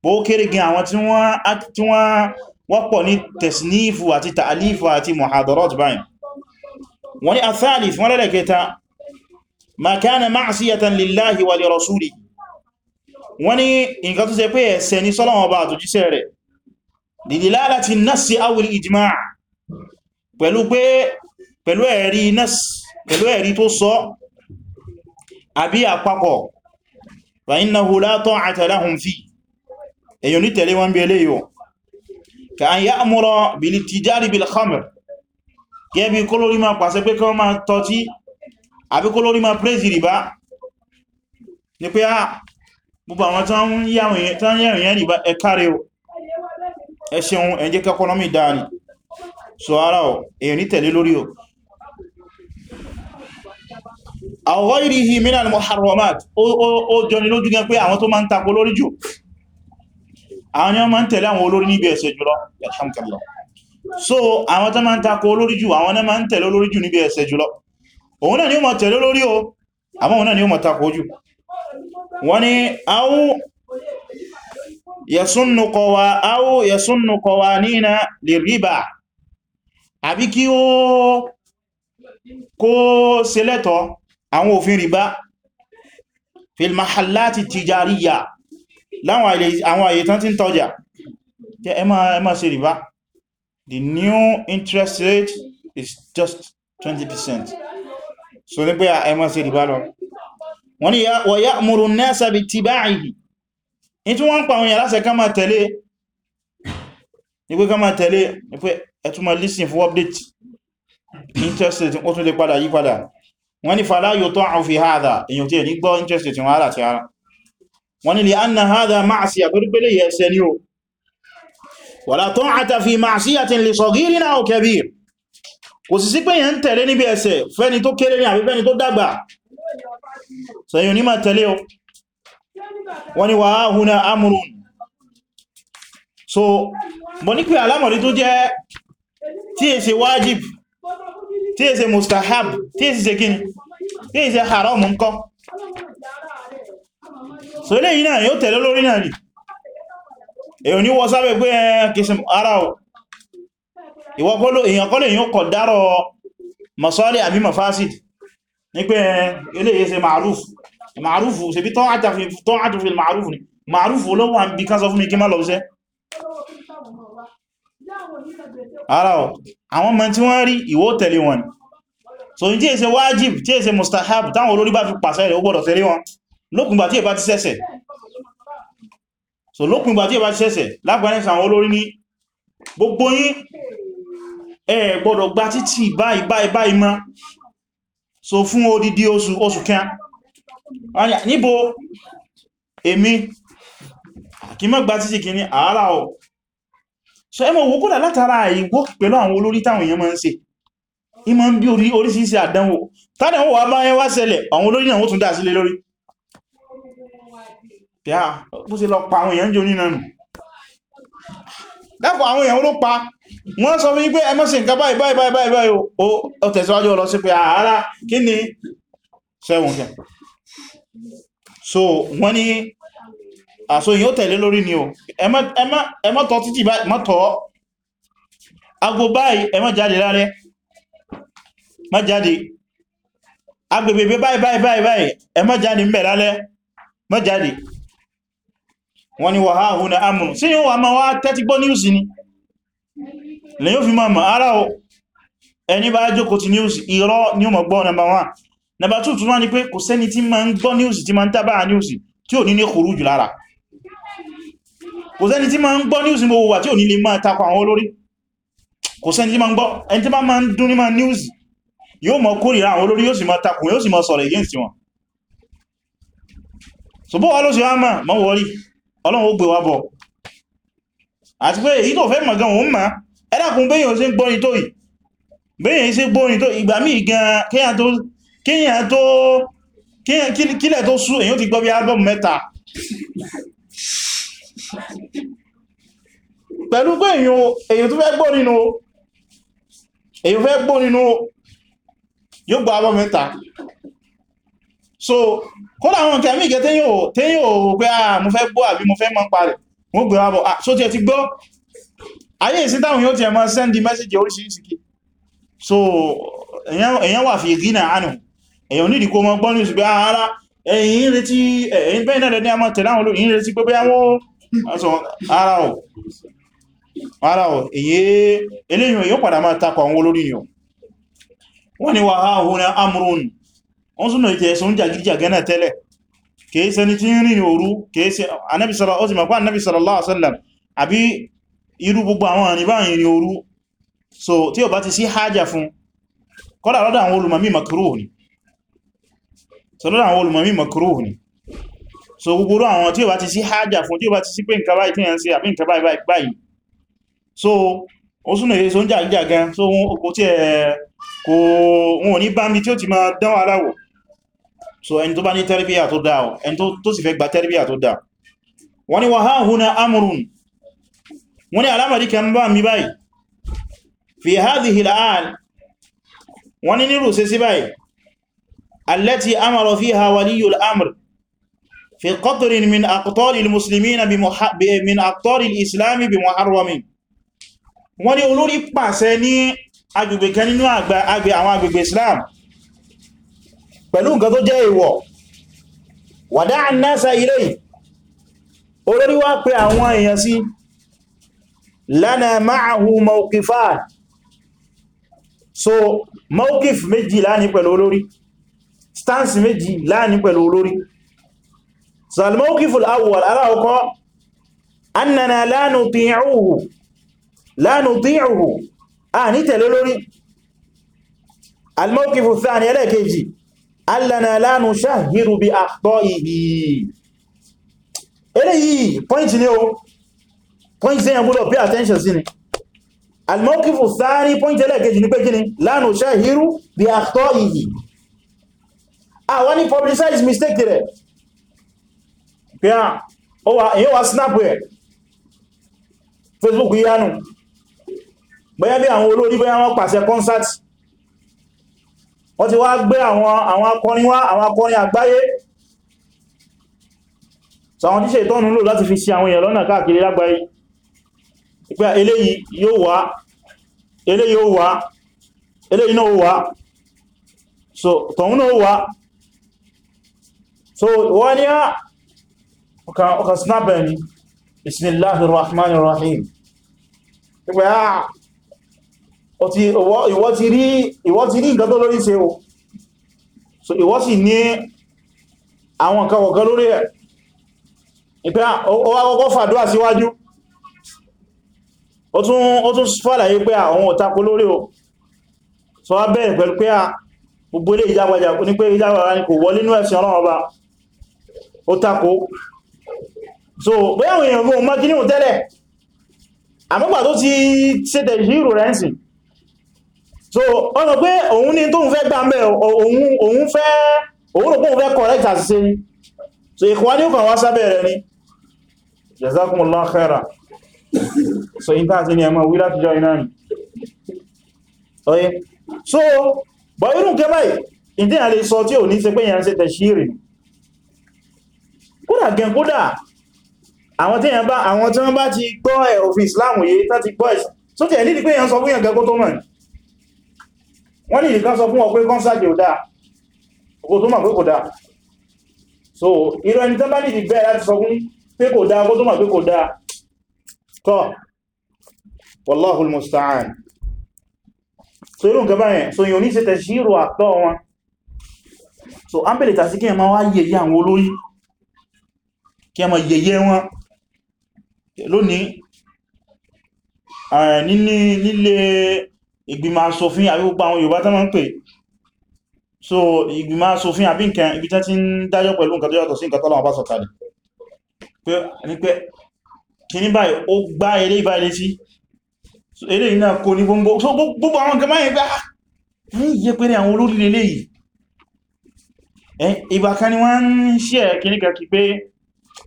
bó ó kéré gan àwọn tí wọ́n wọ́pọ̀ ní tẹ̀sínífù àti tààlífù àti muhadarot báyìí wọ́n ni athalif wọ́n lẹ́lẹ̀kẹta ma kana ma'siyatan lillahi wa li rasuli wọ́n ni nǹkan tó ṣe pé ẹ̀ṣẹ̀ ní sọ́lọ́wọ́n bá àtòjíṣẹ́ rẹ̀ dilalati nassi awil ijma' pẹ̀lú pé pẹ̀lú ẹ̀rí nassi pẹ̀lú ẹ̀rí tó sọ àbí àpapọ̀ fa innahu la ta'ata lahum fi èyàn ní tẹ̀lé wọn bí eléyò ka an ya'mura bil tijari bil khamr gẹ́bí kólórí ma pàṣẹ pé kọ́ ma tọ́tí àbí kólórí ma praise rìbá ní pé á ah, gbogbo àwọn tán yẹ̀rìn yẹn rìbá ẹ̀kárẹ̀ ẹ̀ṣẹ̀un ẹ̀jẹ́ kẹ́kọ́nọ́mì dáa ni so ara ọ̀ èyàn ní tẹ̀lé lórí ọ̀ àwọn ghairihi minal muharramat ó jọni lójú gan pé àwọn tó máa ń tako lórí jù àwọn ni wọ́n máa ń tẹ̀lé àwọn olórí níbi ẹ̀ṣẹ̀ jùlọ alhamdulillah so àwọn tó máa ń tako olórí jù àwọn náà máa ń tẹ̀lé olórí jù níbi ẹ̀ṣẹ̀ ni ó máa tẹ̀lé olórí o àmọ́ òun náà ni ó máa tako yasunnu kọwa aw yasunnu kọwa nínà lè ríbà àbí kí ó àwọn òfin rìbá fil mahallati tijariya láwọn àyè tán tí ń tọ́jà jẹ́ ẹ má ṣe rìbá the new interest rate is just 20% so ní pé ẹ má ṣe rìbá lọ wọ́n ni wa ya'muru an-nasa bittiba'ihi ní tí wọ́n ń pa àwọn yàrá sẹ ká máa tẹ̀lé interest rate ó tún lè padà yí padà wọ́n ní fàlá yóò tọ́ àwọn fi hádà èyàn tí è ní gbọ́ interest tí wọ́n hádà ti ara wọ́n ní lè anna hádà máa sí àgbẹ́rẹ́gbẹ́lẹ̀ yẹ ẹsẹ̀ ní o wàlá tọ́ àtàfi máa sí àti lè sọ gírí náà kẹbí kò sì sí pé yẹn tẹ̀lé níbi ẹsẹ̀ fẹ́ni tó kéré ní àbí tó dàgbà sẹ́yìn so mọ̀ ní pé alámọ̀rí tó jẹ́ tí tí è ṣe mustahab tí è ṣe gini tí è ṣe haram ńkọ́ so ilé yìí náà yóò tẹ̀lé lórí náà rí èyàn ní wọ́n sábẹ̀ pé ẹn kìí ara o ìwọ́kọ́lò èyàn kọ́lẹ̀ yóò kọ̀ dárọ̀ masọ́lẹ̀ àbí mafasid ní pé ilé yìí ṣe ma'ruf ma'ruf ṣe bí tọ́wàtàfil ma'ruf àwọn mọ̀ tí wọ́n rí ìwọ tẹ̀lé wọn so ní tí èsẹ wájib tí èsẹ mustahab táwọn olórí bá fi pàṣẹ rẹ̀ ó gbọ́dọ̀ tẹ̀lé wọn lópin gbà tí èbá ti ṣẹ̀ṣẹ̀ so lópin gbà tí èbá ti ṣẹ̀ṣẹ̀ lágbàáyẹ̀sẹ̀ àwọn olórí ní gbogbo yín ẹ gbọ́dọ̀ gba títì báyìí báyìí báyìí mọ́ so fún odidi oṣù oṣù kan níbo èmi kí mọ́ gba títì kìíní àárá ọ̀ so ẹmọ owó kódà látara ìwó pẹ̀lú àwọn olórí táwọn èèyàn máa ń ṣe ìmọ̀ ń bí orí oríṣiríṣi àdánwò tàbí wọ́n wà bá ẹ wá ṣẹlẹ̀ àwọn olórí náà wọ́n tún dá sílé lórí pẹ̀á bó ṣe lọ pa àwọn èèyàn jò nínú nù dápò àwọn èèyàn ló pa wọ́n sọ fún yín pé ẹ má ṣe nǹkan báyìí báyìí báyìí báyìí ó tẹ̀síwájú ọlọ sí pé ààrá kí ni sẹ́wọ̀n kẹ so wọ́n ní Aso ah, yíó tẹ̀lé lórí ni o ẹmọ́tọ̀ títí mọ́tọ̀ agbo báyìí ẹmọ́ jáde rárẹ́ má jáde agbègbè báyìí báyìí báyìí ẹmọ́ jáde ń bẹ̀ lálẹ́ má jáde wọ́n ni wàhá ahùn na amụrụ. sí yíò wà máa tẹ́tí ni máa ara o ẹni bá ti ni ó gbọ́ nàbà wọn nàbà tútù wá ni pé kò sẹ́ni tí máa ń gbọ́ tí máa ń tábà ní ní kò sẹ́ni tí ma ń gbọ́ news gbogbo wà tí ò ní lè máa takọ àwọn olórí kò sẹ́ni tí ma ń gbọ́ ẹni tí ma ma ń dún ní ma news yóò mọ kórìíra àwọn olórí yóò sì ma takọ yóò sì ma sọ̀rọ̀ against wọn so bó wà ló sì wá mà mọ́ wọrí ọlọ́run ó gbé wa bọ̀ àti pé èyí tó fẹ́ mọ̀ gan òun mà ẹ́dàkùn pẹ̀lú pé èyàn tó fẹ́ gbọ́ nínú èyàn fẹ́ gbọ́ nínú yóò gba abọ́ mẹ́ta so kódà àwọn nǹkan mìí tẹ́yìn ò pé à mú fẹ́ gbọ́ àbí mú fẹ́ mọ́ ń parẹ̀ mú gbé abọ́ so ti ẹ ti gbọ́ ayé ìsìn táwọn yóò ti ẹ máa sẹ́ndì mẹ́sẹ̀jì oríṣiríṣi so èyàn wà fi gínà ánù èyàn nídìí kó mọ́ gbọ́ ní ara ọ̀ ara ọ̀ èyí eléyìn yóò padà máa takọ̀ àwọn olórin yàn wọ́n ni wà áhùnà amurun wọ́n súnà ìtẹ̀ sún jàgíjà gánà tẹ́lẹ̀ kìí ṣe ni tí ń rìn òru kìí ṣe Ànábì sallallahu alaihi wasallam àbí irú gbogbo àwọn àníbá ìrìn òru so tí ó bá ti sí hájà fún kọ́lá lọ́dọ̀ àwọn olùmọ̀mí makruh ni so gbogbo àwọn tí ó bá ti sí hajjá fún tí ó bá ti sí pé nǹkan báyìí tí ẹ̀ ń ṣe àbí nǹkan so ó súnà èyí so ń jà jà gan so kò tí ẹ̀ kò wọn ní bámi tí ó ti máa dánwà aláwọ̀ so ẹni tó bá ní tẹ́rìbíyà tó dá ọ ẹni tó sì fẹ́ gba tẹ́rìbíyà tó dá wọ́n ni wàhá húnna amurun wọ́n ni alámàrí kan bá mi في قطر من أقطار المسلمين بمح... من أقطار الإسلام بمحرم wọ́n ní olórí pàṣẹ ní agbègbè kan nínú agbè àwọn agbègbè Islam pẹ̀lú nǹkan tó jẹ́ ìwọ̀ wàdá ànáṣà ilé olórí wá pé àwọn èèyàn sí lánà máàhù mawkifá so mawkif méjì láàní pẹ̀lú olórí stance méjì láàní pẹ̀lú olórí so al-mawqif al-awwal aláwọ̀kọ́ annana la nuti'uhu la nuti'uhu a ní tẹ̀lé lórí al-mawqif ath-thani ẹlẹ́kejì allana la nushahiru bi akhta'ihi eléyìí point ni o point sẹ́yàn gbọ́dọ̀ pay attention sí ni al-mawqif ath-thani point ẹlẹ́kejì ní pé kíni la nushahiru bi akhta'ihi a wọ́n ni publicize mistake rẹ̀ pé à oh, èyí wá snap rẹ̀ facebook yánu bẹ́yẹ́ bí àwọn olórí bẹ́yẹ́ wọ́n pàṣẹ concert wọ́n ti wá gbé àwọn akọrin wá àwọn akọrin àgbáyé sàwọn tíṣẹ́ ìtọ́nù lò láti fi sí àwọn èèyàn lọ́nà káàkiri lágbàáyé ìpé eléyìí yóò wá eléyìí yóò wá eléyìí náà wá so tọ̀hún náà wá so wọ́n ní á ah, ọkà snapper ni bismillahir rahmanir rahim ìpẹ́ àà ìwọ ti rí nǹkan tó lórí ṣe o so ìwọ sì ní àwọn nǹkan kọ̀ọ̀kan lórí ẹ̀ ìpẹ́ ọwá kọ́kọ́ fàdúwà síwájú ó tún fàlàyé pé àwọn òtakò lórí o so wá bẹ̀rẹ̀ pẹ̀lú pé à gbogbo ilé ìjágbàjà ní pé ìjágbàjà ni kò wọlé nínú ẹ̀sìn ọlọ́run ọba ó takò so bóyá àwọn èèyàn gbọ́n mọ́kí níhùn tẹ́lẹ̀ àmọ́gbà tó ti ṣe tẹ̀ṣírò rẹ̀ ń so ọ̀nà pé òun ní tóun fẹ́ gbà mẹ́ òun fẹ́ òun rò pọ́n fẹ́ correct àti ṣe ni so ìkwá ní ọkàn wá sábẹ̀ rẹ̀ ni jazakumullahu khaira so in tàà sí ni ẹmọ wílá ti jọ iná ni oye so bọ̀ irú nke báyìí ìdí àlè sọ tí ò ní ṣe pé yẹn ṣe tẹ̀ṣírì kódà gẹn kódà àwọn tí wọ́n bá ti gbọ́ òfin Islam yìí tán ti gbọ́ ẹ̀sìn tó tẹ̀ nídi pé èyàn sọ fún ìyànjẹ́ kó tó mọ̀ wọ́n ní ìdíkan sọ fún ọ pé kọ́nsáàjì ò dáa kó tó mọ̀ pé kò dáa so irọ́ ẹni tán bá nídi bẹ́ẹ̀ láti sọ fún pé kò dáa kó tó mọ̀ pé kò dáa tọ́ wallahul musta'an so irú nǹkan báyẹn so yóò ní ṣe lónìí eh, nílé ìgbìmọ̀ asòfin àbí gbogbo àwọn Yorùbá tán máa ń pè so ìgbìmọ̀ asòfin àbí nǹkan ibi tán ti ń dájọ́ pẹ̀lú nǹkan tó yàtọ̀ sí nǹkan tọ́lọ́wọ́ bá sọ̀kalẹ̀ ní pé kìní báyìí ó gbá eré ìbáyìí sí eré iná kò ní gbogbo so gbogbo àwọn nǹkan máyìí gbá ní iye pé ní ah, àwọn olórí lélẹ́yìí eh, ìgbà kan ni wọ́n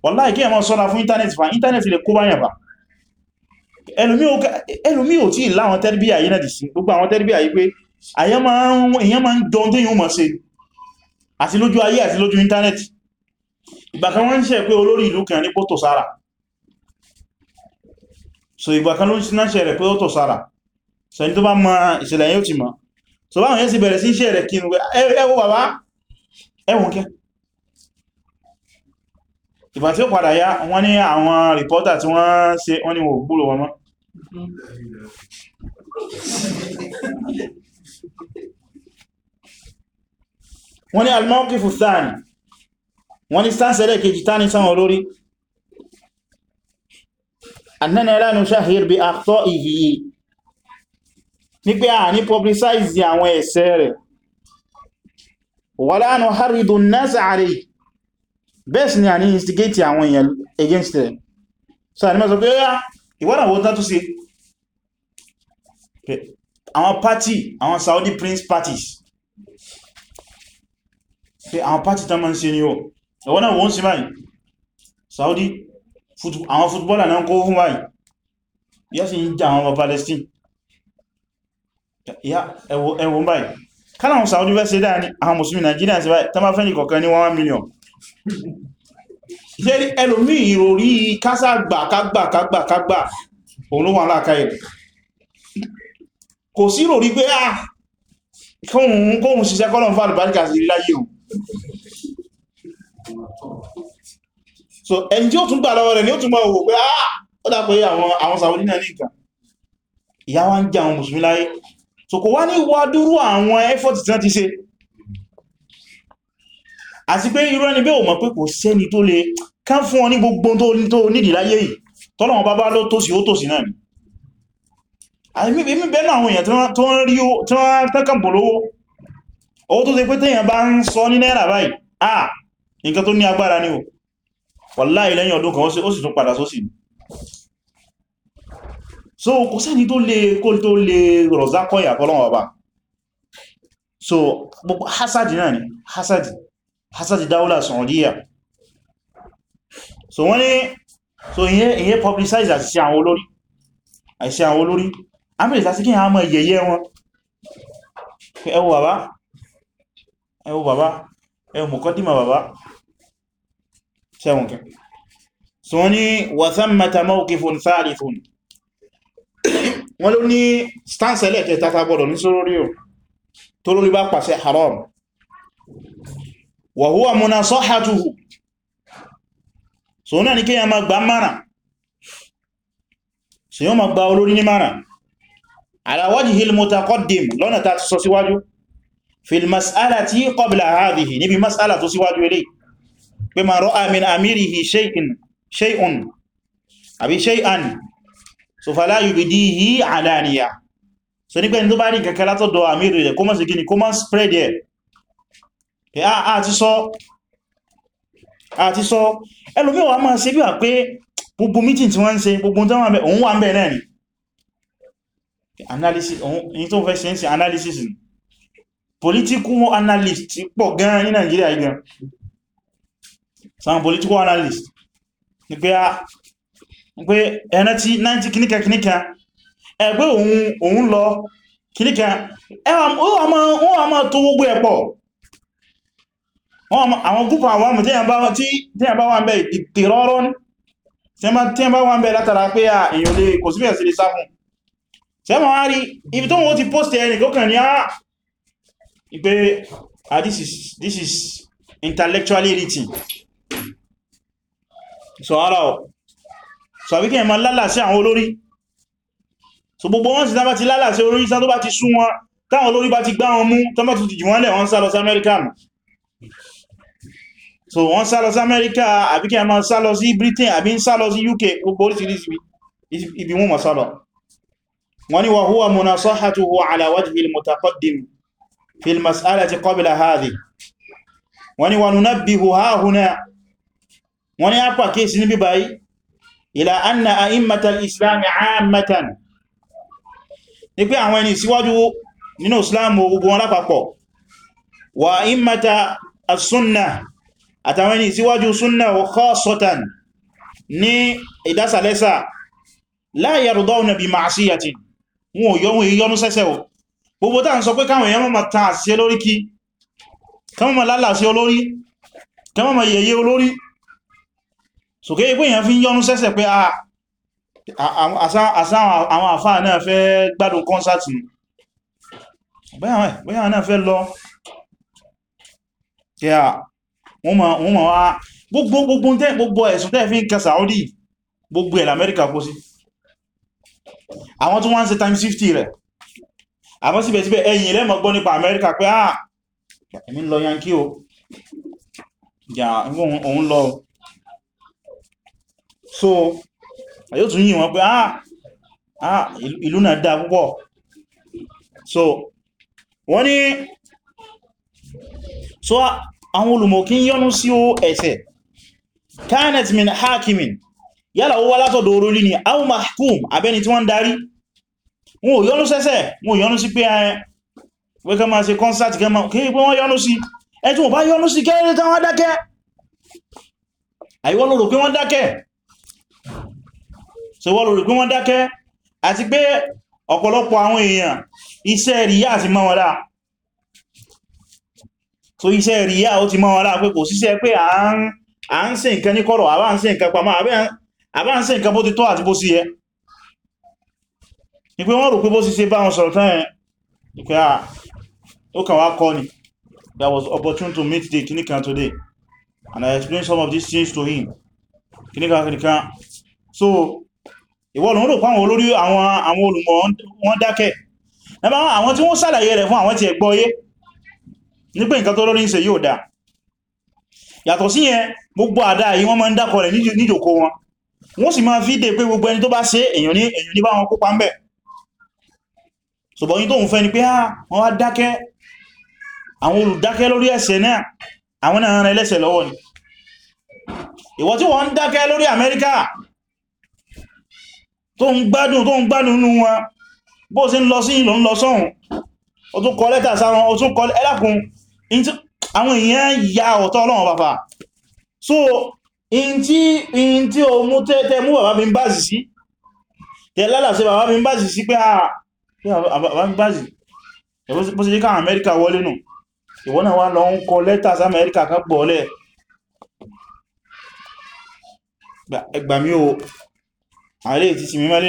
wàláhì kí ẹ máa sọ́ra fún íntánẹ̀tì fa íntánẹ̀tì lè kó bá yàbá ẹlòmí ò tí láwọn tẹ́rìbíyà yìí náà dì sí gbogbo àwọn tẹ́rìbíyà yìí pé èyàn máa ń dán tí yíò mọ̀ ṣe àti lójú ayé àti lójú íntánẹ̀tì ìgbàkan wọ́n ń ṣe pé olórí ìlú kan ní pọ́tò sára so ìgbàkan ló ń ṣe rẹ̀ pé ó tò sára so ẹni tó bá mọ ìṣẹ̀lẹ̀ yóò ti mọ̀ so báwọn yẹn sì bẹ̀rẹ̀ sí ṣe rẹ̀ kí ìgbà tí ó padà yá wọ́n ní àwọn rìpọ́tà tí wọ́n ṣe wọ́n ní wọ́n gbúrò wọn mọ́ wọ́n ní al-mawqifu thani wọ́n ní stance ẹlẹ́kejì tání sáwọn olórí annana la nushahir bi akhta'ihi ní pé a ní publicize àwọn ẹ̀ṣẹ̀ rẹ̀ wala nuharridu an bẹ́ẹ̀ sì ni a ní instigate àwọn èèyàn against them so a ní mẹ́sọ pé yá ìwọ́nà wọ́n tán tó sí àwọn party àwọn Saudi prince parties pé àwọn party tán máa ń ṣe ni ó ìwọ́nà wọ́n sí báyìí Saudi àwọn footballer náà kó fún báyìí yẹ́ sì ń jà àwọn ọmọ Palestine ẹwọ́n báyìí kánàwọn Saudi fẹ́ ṣe dáa ní àwọn Mùsùlùmí Nigeria sí báyìí tán bá fẹ́ ní kọ̀ọ̀kan ní 1 million ṣe ẹlòmí ìròrí kásàgbà kágbà kágbà kágbà òun ló wà láàká ẹ̀ kò sí ìròrí pé à ah, kóhun ṣiṣẹ́ kọ́lọ̀ fún àlùbáríkà sí láyé o so ẹni tí ó tún gbà lọ́wọ́ rẹ̀ ni ó tún mọ́ òwò pé à ah, ó dá pé àwọn Saudi náà so kò wá ní wádúrú effort tí wọ́n àti pé irú ẹni bẹ́ẹ̀ ò mọ̀ pé kò sẹ́ni tó lè kán fún ọ ní gbogbo tó nídìí láyé yìí tọ́lọ̀wọ́n bá bá ló tòsí ó tòsí náà ni àìmí bẹ́ẹ̀ náà àwọn èèyàn tó ń rí tí wọ́n tẹ́kàn bò tó ń sọ ní ah nǹkan tó ní agbára ni o wàláhì lẹ́yìn ọdún kan ó sì tún padà sósì ni so kò sẹ́ni tó lè kó tó lè rọ̀zákọ́yà fọ́lọ́wọ́ bá so gbogbo hasadi náà ni hasadi hasati daula saudiya so wọ́n ní so ìyẹn publicize àti sí àwọn olórí àìsí àwọn olórí amílì láti kí àmọ́ ìyẹyẹ wọn ẹ wo bàbá ẹ wo bàbá ẹ wo mọ̀kọ́dìmà bàbá sẹ́wọ̀n kẹ́ so wọ́n ní wàtánmàtà mawqifun thalithun wọ́n ló ní stance ẹlẹ́kẹta tagbọ́dọ̀ ní sórórí o tó lórí bá pàṣẹ haram wa huwa munasahatuhu so náà ni kíyàn ma gba mara so yíò ma gba olórí ní mara ala wajhil mutaqaddim lọ́nà ta sọ síwájú fil mas'alati qabla hadhihi níbi mas'ala tó síwájú ilé pé ma ra'a min amirihi shay'in shay'un àbí shay'an so fala yubdihi pé a ti sọ a wa máa ṣe bí wà pé gbogbo meeting tí wọ́n ń ṣe gbogbo tó wọ́n òun wà ń bẹ̀ náà ni analysis òun tó analysis political analyst pọ̀ gan ní Nàìjíríà gan sáwọn political analyst ni pé a pé ẹ̀nà tí 90 kìníkà kìníkà ẹgbẹ́ òun lọ kìníkà ẹwà wọ́n tó gbogbo ẹ̀pọ̀ àwọn gúpù àwọn mú tíyàn bá wà ń bẹ ìtìrọrún tíyàn bá wà ń bẹ látara pé à èyàn lè kò sí fẹ̀sí lè sáfún tí a máa rí ibi tó wọ́n ti post ẹni kókàn ní àà ìpé ah this is this is intellectually written so ara ọ̀ so àbíkẹ́ ẹ̀mọ́ lálà sí àwọn olórí so gbogbo wọn sì sábà ti lálà sí olórí sá tó bá ti sún wọn táwọn olórí bá ti gbá wọn mú tọ́mọ́tù ti jù wọ́n lẹ̀ wọ́n sá lọ sí Amẹ́ríkà mú so wọ́n sálọ sí Amẹ́ríkà àbí kí a máa sálọ sí Britain àbí ń sálọ sí UK gbogbo orísìírísìí ibi wọ́n máa sálọ wọ́n ni wa huwa munasahatuhu ala wajhi al-mutaqaddim fi al-mas'alati qabla hadhi wọ́n ni wa nunabbihu hahuna wọ́n ni a àtàwọn ẹni síwájú súnnà khassatan ní ìdásàlẹ́sà la yardawna bi ma'siyatin wọn ò yọ wọn èyí yọnú sẹ́sẹ̀ o gbogbo tá ń sọ pé káwọn èèyàn mọ̀ tàn àṣẹ lórí kí kẹwọ́n mọ̀ lálàṣẹ olórí kẹwọ́n mọ̀ yẹ̀yẹ olórí sòkè ipò èèyàn fi ń yọnú sẹ́sẹ̀ pé ah, àṣà àwọn àfáà náà fẹ́ gbádùn kọ́nsáàtì bóyá náà fẹ́ lọ kí a wọ́n ma wọ́n ma ah, wá gbogbo gbogbo tẹ́ gbogbo ẹ̀sùn tẹ́ fi ń kẹsà ọ́dí gbogbo ẹ̀ lamẹ́ríkà kó sí àwọn tó wá ń ṣe times 50 rẹ̀ àmọ́ síbẹ̀síbẹ̀ ẹ̀yìn lẹ́mọ̀ gbọ́ nípa amẹ́ríkà pé ah èmi lọ yankí o yà òun lọ so yóò tún yìn wọ́n pé ah, ah ìlú náà dá púpọ̀ so wọ́n ni so àwọn olùmọ̀kí yọ́nú sí ó ẹ̀ṣẹ̀ kanet min hakimin yálà ó wá látọ̀dọ̀ orí ni au mahkum abẹni tí wọ́n darí wọn ò yọ́nú sẹ́sẹ̀ wọn ò yọ́nú sí pé ẹ eh, wẹ́kẹ́ máa ṣe kọ́nsáàtì kẹ́mà kí pé wọ́n yọ́nú sí ẹ tí wọ́n bá yọ́nú sí kẹ́rẹ́ tán wọ́n dákẹ́ àìwọ́ lórí so iṣẹ́ ríyà ó ti mọ́ wọn láàpẹ́ kò síṣẹ́ pé à ń ṣe nǹkan ní kọ̀rọ̀ àbá ń ṣe nǹkan pàmọ́ àbá ń ṣe nǹkan bó ti tọ́ àti bó sí yẹ ni pé wọ́n rò pé bó sì ṣe bá sọ̀rọ̀ tán ẹ̀ à ó kàn wá kọ́ ni was opportunity to meet the kinikan today and I explained some of these things to him kinikan kinikan so ìwọ lòun rò pé àwọn olórí àwọn olùmọ̀ wọ́n dákẹ́ àwọn tí wọ́n ṣàlàyé rẹ̀ fún àwọn tí ẹ̀ gbọ́yé ní pé nǹkan tó lórí ń ṣe yóò dáa yàtọ̀ sí yẹn gbogbo àdá yìí wọ́n máa ń dákọ̀ rẹ̀ níjòkó wọn wọ́n sì máa fi dé pé gbogbo ẹni tó bá ṣe èyàn ní èyàn ní bá wọn kópa ń bẹ̀ ṣùgbọ́n yí tó ń fẹ́ ni pé wọ́n wá dákẹ́ àwọn olùdákẹ́ lórí ẹ̀ṣẹ̀ náà àwọn náà rẹ̀ lẹ́sẹ̀ lọ́wọ́ ni ìwọ tí wọ́n ń dákẹ́ lórí Amẹ́ríkà tó ń gbádùn tó ń gbádùn nínú wọn bó ṣe ń lọ sí ìlò ń lọ sọ́hun ó tún kọ lẹ́tà sáwọn ó tún kọ ẹlákun àwọn èèyàn ya ọ̀tọ̀ ọlọ́run bàbá so in tí in tí o mú tẹ́tẹ́ mú bàbá mi ń bázi sí tẹ́ lálàsẹ́ bàbá mi ń bázi sí pé ah, àbá mi bázi ẹ̀bọ́ sí ká Amẹ́ríkà wọlé nù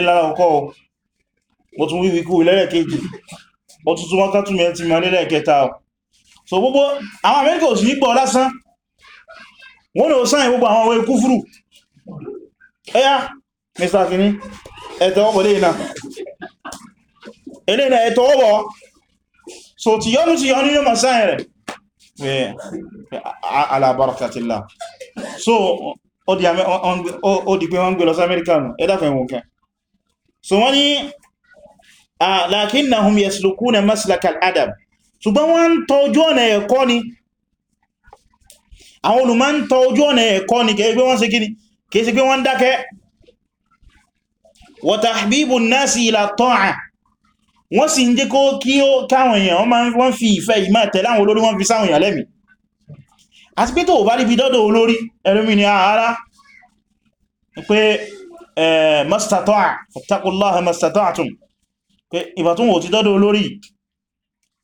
lára ọkọ́ o wíwíkú lẹ́rẹ̀kejì o tún wákàtún mẹ́ ti mẹ́lé lẹ́ẹ̀kẹta o so gbogbo àwọn amẹ́ríkà ò sì ní gbọ́ lásán wọ́n ni ó sáyìn gbogbo àwọn ọwọ́ ikú fúrù ẹyá mr kini ẹ̀tọ́wọ́bọ̀ lè náà eléyìí ẹ̀tọ́wọ́bọ̀ so ti yọ́nu ti yọ́nu yọ́ ma sáyìn rẹ̀ eh, ala barakatillah so ó di pé wọ́n gbé lọ sí amẹ́ríkà nù ẹ̀dàfẹ́ wọn kẹ so wọ́n ni ah, lakinnahum yaslukuna maslakal ṣùgbọ́n wọ́n ń tọ ojú ọ̀nà ẹ̀kọ́ ni àwọn olùmọ̀ ń tọ ojú ọ̀nà ẹ̀kọ́ ni kẹ́ẹ̀ẹ́ pé wọ́n ṣe kíni kẹ́ẹ̀ẹ́ pé wọ́n dákẹ́ wa tahbibu an-nasi ila ta'a wọ́n sì ń jẹ́ kó kí ó káwọn èèyàn wọ́n fi ìfẹ́ ìmá tẹ̀lé ìbàtún wò ti dọ́dọ̀ olórí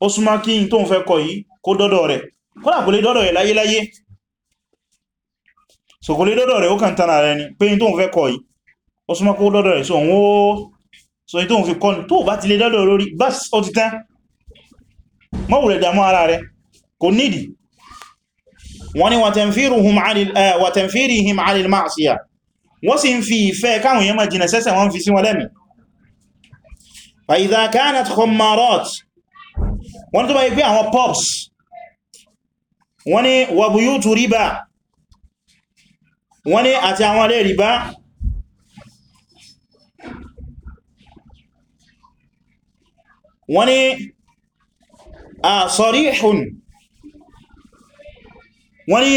ó súnmá kí n tó ń fẹ́ kọ yìí kó dọ́dọ̀ rẹ̀ kódà kò lè dọ́dọ̀ rẹ̀ láyéláyé so kò lè dọ́dọ̀ rẹ̀ ó kàn tánà rẹ̀ ni pé n tó ń fẹ́ kọ yìí ó súnmá kó dọ́dọ̀ rẹ̀ so òun ó so n tó ń fi kọ́ ni tó bá ti lè dọ́dọ̀ lórí bas ó ti tán mọ́wù rẹ̀ dàmú ara rẹ̀ kò nídi wọ́n ni eh, wàtẹ̀mfírihim wọ́n tó bá yí pé àwọn pubs wọ́n ní wàbúyútù ríbà wọ́n ní àti àwọn alẹ́ ríbá wọ́n ní a sarihun wọ́n ní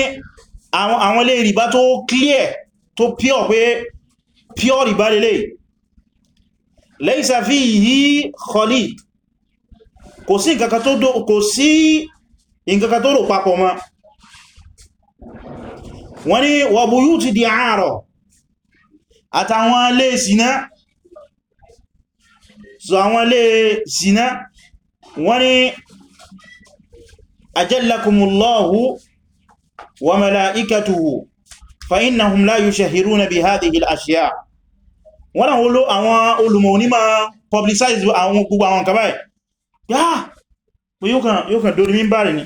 àwọn alẹ́ ríbá tó clear tó pure pé pure ríbá lélẹ̀ laysa fihi khalid kò sí nǹkankan tó rò papọ̀ mọ́ wọ́n ní wa buyuti di àárọ̀ àtàwọn ilé ìsìná so àwọn ilé ìsìná wọ́n ní ajallakumullahu wa mala'ikatuhu fa innahum la yá pé yóò kàn dórí mímbàrí ni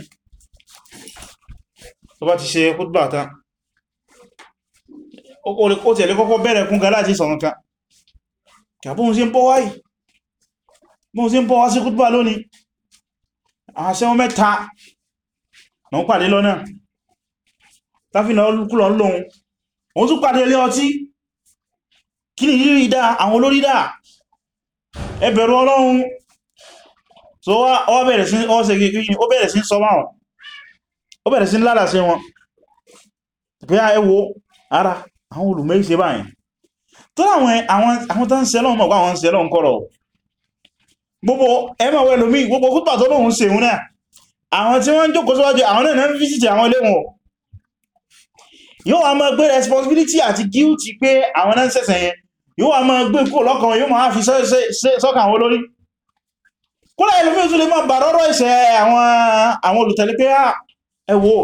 tó bá ti ṣe kútbà ta ó tẹ̀lé kọ́kọ́ bẹ̀rẹ̀ kún ga láti sọ̀rọ̀ kan kàbóhun sí ń bọ́ wáyìí bóhun sí ń bọ́ wá sí kútbà lónìí àṣẹ́wọ́n mẹ́ta na ń pàdé lọ́nà tàfínà olùkúlọ̀ lóhun òun tún pàdé ilé ọtí kí ni rírí dáa àwọn olórí dáa ẹ Ọlọ́run so ó bẹ̀rẹ̀ sí ó ṣe gígí ó bẹ̀rẹ̀ sí sọ máwọn ó bẹ̀rẹ̀ sí lára sí wọn pé a ah, ẹwọ ara àwọn olùmẹ́ ìṣẹ́ báyìí tó àwọn tán sẹ́lọ́n mọ̀ àwọn sẹ́lọ́n kọ́rọ̀ gbogbo ẹmọ̀ wẹ́lómí gbogbo kúpà tó lóhun ṣe ìhun náà àwọn tí wọ́n ń jókòó síwájú àwọn náà ń fíṣìtì àwọn iléwọ̀n yóò wá máa gbé responsibility àti guilty pé àwọn náà ń ṣẹ̀ṣẹ̀ yẹn yóò wá máa gbé kúrò lọ́kàn yóò máa fi sọ́kàn àwọn olórí kódà ẹlòmíì tún lè máa bà rọ́rọ́ ìṣẹ́ àwọn olùtẹ̀lé pé ẹwọ́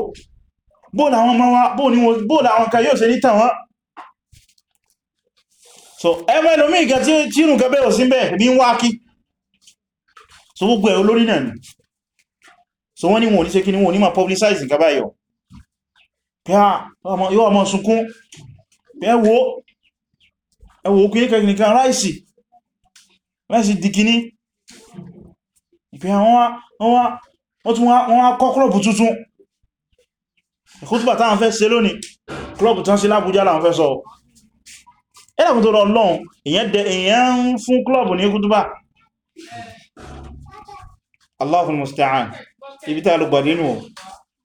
bóòlù àwọn ọmọ wa bóòlù àwọn kan yóò ṣe ní tàwọn so ẹmọ ẹlòmíì ìgẹ́ tí ìrùn gẹ́bẹ̀ ò sí bẹ́ẹ̀ bí ń wá so gbogbo ẹ̀ olórí náà ni so wọ́n ni wọ́n ní ṣe kí ni wọ́n ní ma publicize nǹkan báyọ̀ yóò ọmọ sunkún ẹwọ́ ẹwọ́ okùnrin kẹkìnìkan ráìsì ráìsì dìkíní ìpé àwọn akọ́ klọ́bù tuntun ìkútùbà táwọn fẹ́ ṣe lónìí klọ́bù tán sí lábújá láwọn fẹ́ sọ ẹlẹ́kùn tó rọ lọ́n èyàn ń fún klọ́bù ní ìkútùbà Allahul musta'an ibi tá lùgbà nínú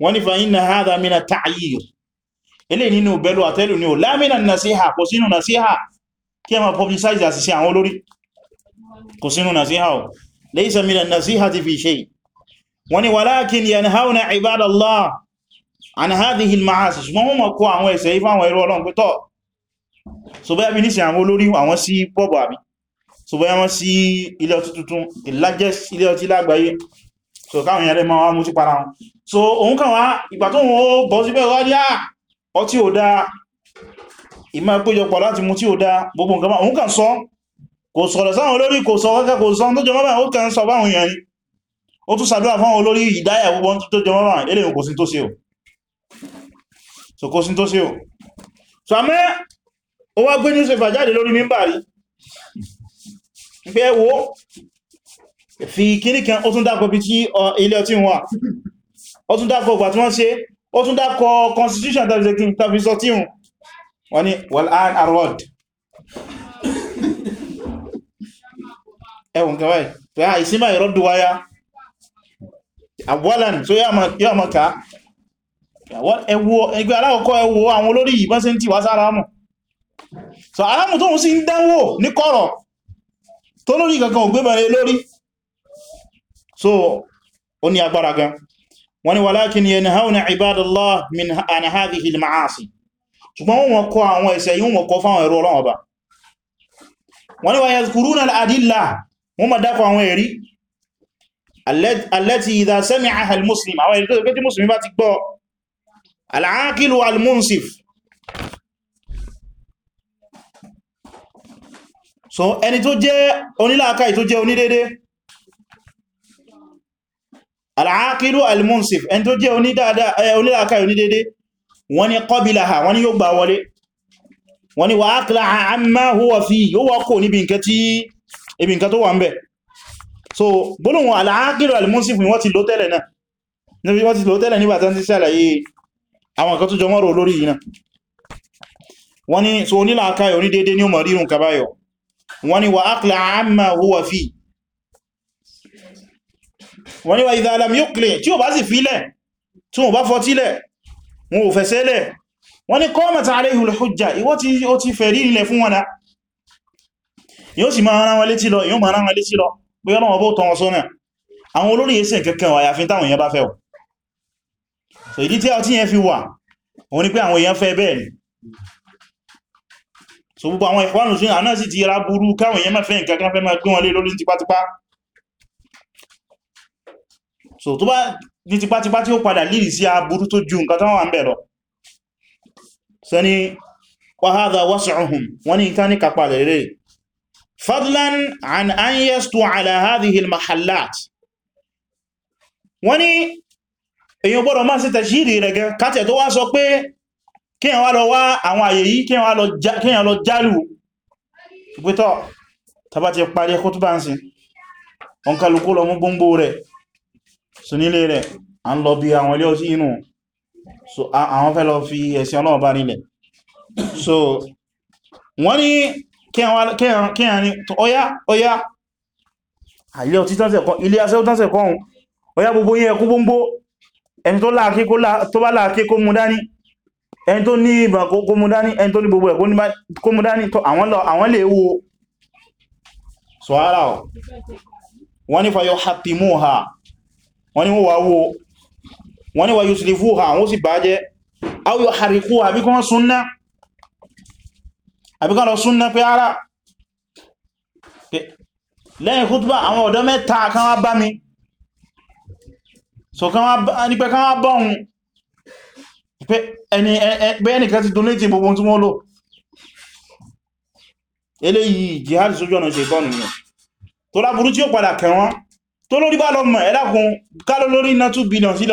wọ́n ní fa inna hadha mina ta'yir ilé nínú bẹ̀lú àtẹ́lù ní ò lámìnà nasiha laysa minan nasihati fi shay wọ́n ní walakin yanhauna ibadallah an hadhihi al-ma'asi ṣùgbọ́n wọ́n mọ̀ kó àwọn ẹ̀ṣẹ̀ ifá àwọn ẹrú ọlọ́run pẹ́tọ́ so bẹ́ẹ̀ bí ní sí àwọn olórí àwọn sí pọ́bọ̀ àbí so bẹ́ẹ̀ wọ́n sí ilé ọtí tuntun the largest ilé ọtí lágbàáyé so káwọn yẹn lè máa wá mú sí para wọn so òun kàn wá ìgbà tó wọn ó bọ́ síbẹ̀ wá ní à ah, ọtí ò dáa ìmọ̀ péjọpọ̀ láti mú tí ò dáa gbogbo nǹkan máa òun kàn sọ kò sọ̀rọ̀ sáwọn olórí kò sọ kọ́kọ́ kò sọ tó jọmọ́ báyìí ó kàn sọ báwọn èèyàn ni ó tún sàdúrà fáwọn olórí ìdáyà gbogbo tó jọmọ́ báyìí eléyìn kò sí tó sí o so kò sí tó sí o so àmẹ́ ó wá gbé newspaper jáde lórí mímbàrí pé wo fi kíní kan ó tún dákọ̀ bí tí ilé ọtí wà ó tún dákọ̀ ọgbà tí wọ́n ṣe ó tún dákọ̀ constitution wal an arod ẹwùn kẹwàá pé a ìsinmá ìrọ́dù wáyá àwọ́làn tó yá mọ̀ ká ẹgbẹ́ alákọ̀ọ́kọ́ ẹwọ àwọn olórí yìí bá sí ń tí wá sára mọ̀ so alámù tó ń sí ń dánwò ní kọ̀rọ̀ tó lórí kankan ògbé mẹ́rin lórí so ó ní agbára gan wọ́n ni walakin yanhauna wọ́n ni wa yazkuruna al-adilla wọ́n ma dákọ̀ àwọn ẹ̀rí allati idha sami'aha al-muslim àwọn ẹ̀rí tó pé muslim bá ti gbọ́ al al-munsif so ẹni tó jẹ́ onílàákàí tó jẹ́ onídédé al-aqilu al-munsif ẹni tó jẹ́ onílàákàí onídédé wọ́n ni qabilaha wọ́n ni yóò gbà wọlé wọ́n ni wa aqla'a amma huwa fi yóò wọ́kò níbi nǹkan ibi nǹkan tó wà ń bẹ̀ so gbólóhùn al-aqilu al-munsif ni wọ́n ti lò tẹ́lẹ̀ náà níbi wọ́n ti lò tẹ́lẹ̀ nígbà tán ti ṣàlàyé àwọn nǹkan tó jọ mọ́rọ̀ olórí yìí náà wọ́n ni so onílàákàyọ̀ ní déédéé ní ó mọ̀ rírun kàbáyọ̀ wọ́n ni wà áklà àmà huwa fi wọ́n ni wà idha lam yuqli tí yóò sì máa rán wọn létí lọ yóò máa rán wọn létí lọ pé ọlọ́wọ́ bó tán wọn sọ́nà àwọn olórí ẹsẹ̀ kẹkẹ wà yàfin táwọn èèyàn bá fẹ́ so ìdí tí a ti yẹn fi wà òun ni pé àwọn èèyàn fẹ́ bẹ́ẹ̀ ni so gbogbo àwọn ìkwánù sí àná sì ti ra burú káwọn èèyàn máa wọ́n ní ìta ní kapa lẹ́rẹ́ fadlan an an yastu ala hadhihi al-mahallat wọ́n ní èyàn gbọ́dọ̀ máa sí tẹ̀ṣírí rẹ̀ gan kátẹ̀ tó wá sọ pé kí èyàn wá lọ wá àwọn àyè yìí kí èyàn lọ jálù pẹ́tọ̀ tàbá ti parí ẹkọ́ tó bá ń sin wọn kálukú lọ mú gbóngbó rẹ̀ so nílé rẹ̀ a ń lọ bí àwọn ilé ọtí inú so àwọn fẹ́ lọ fi ẹ̀sìn Ọlọ́run bá nílẹ̀ so wọ́n kíyàrin ọya ọya ilé ọtí tánṣẹ̀kọ́ ilé aṣẹ́ tánṣẹ̀kọ́ ọ̀hún ọya gbogbo yẹ kú gbogbo ẹni tó láàkí tó bá láàkí kó mú dání ẹni tó ní ìbà kó mú dání ẹni tó ní gbogbo ẹ̀ kó mú dání tó àwọn lè wo sọ́hárà ọ̀ wọ́n ní fayọ hatimu ha wọ́n ní wọ́n wá wo wọ́n ní wà yusrifu ha wọ́n sì bàájẹ́ aw yọ hariku ha bí kọ́ sunna àbí kan lọ súnnà pé ara lẹ́yìn kútùbà àwọn ọ̀dọ́ mẹ́ta kan wá bá mi so nípẹ́ kan wá bọ́ ohun pé ẹnìkan ti donate gbogbo tí wọ́n lò eléyìí jihad sójú ọ̀nà ṣètọ́nù ni tó láburú tí ó padà kẹwọn tó lórí bá lọ mọ̀ ẹ̀dàkùn kálọ lórí iná 2 billion sí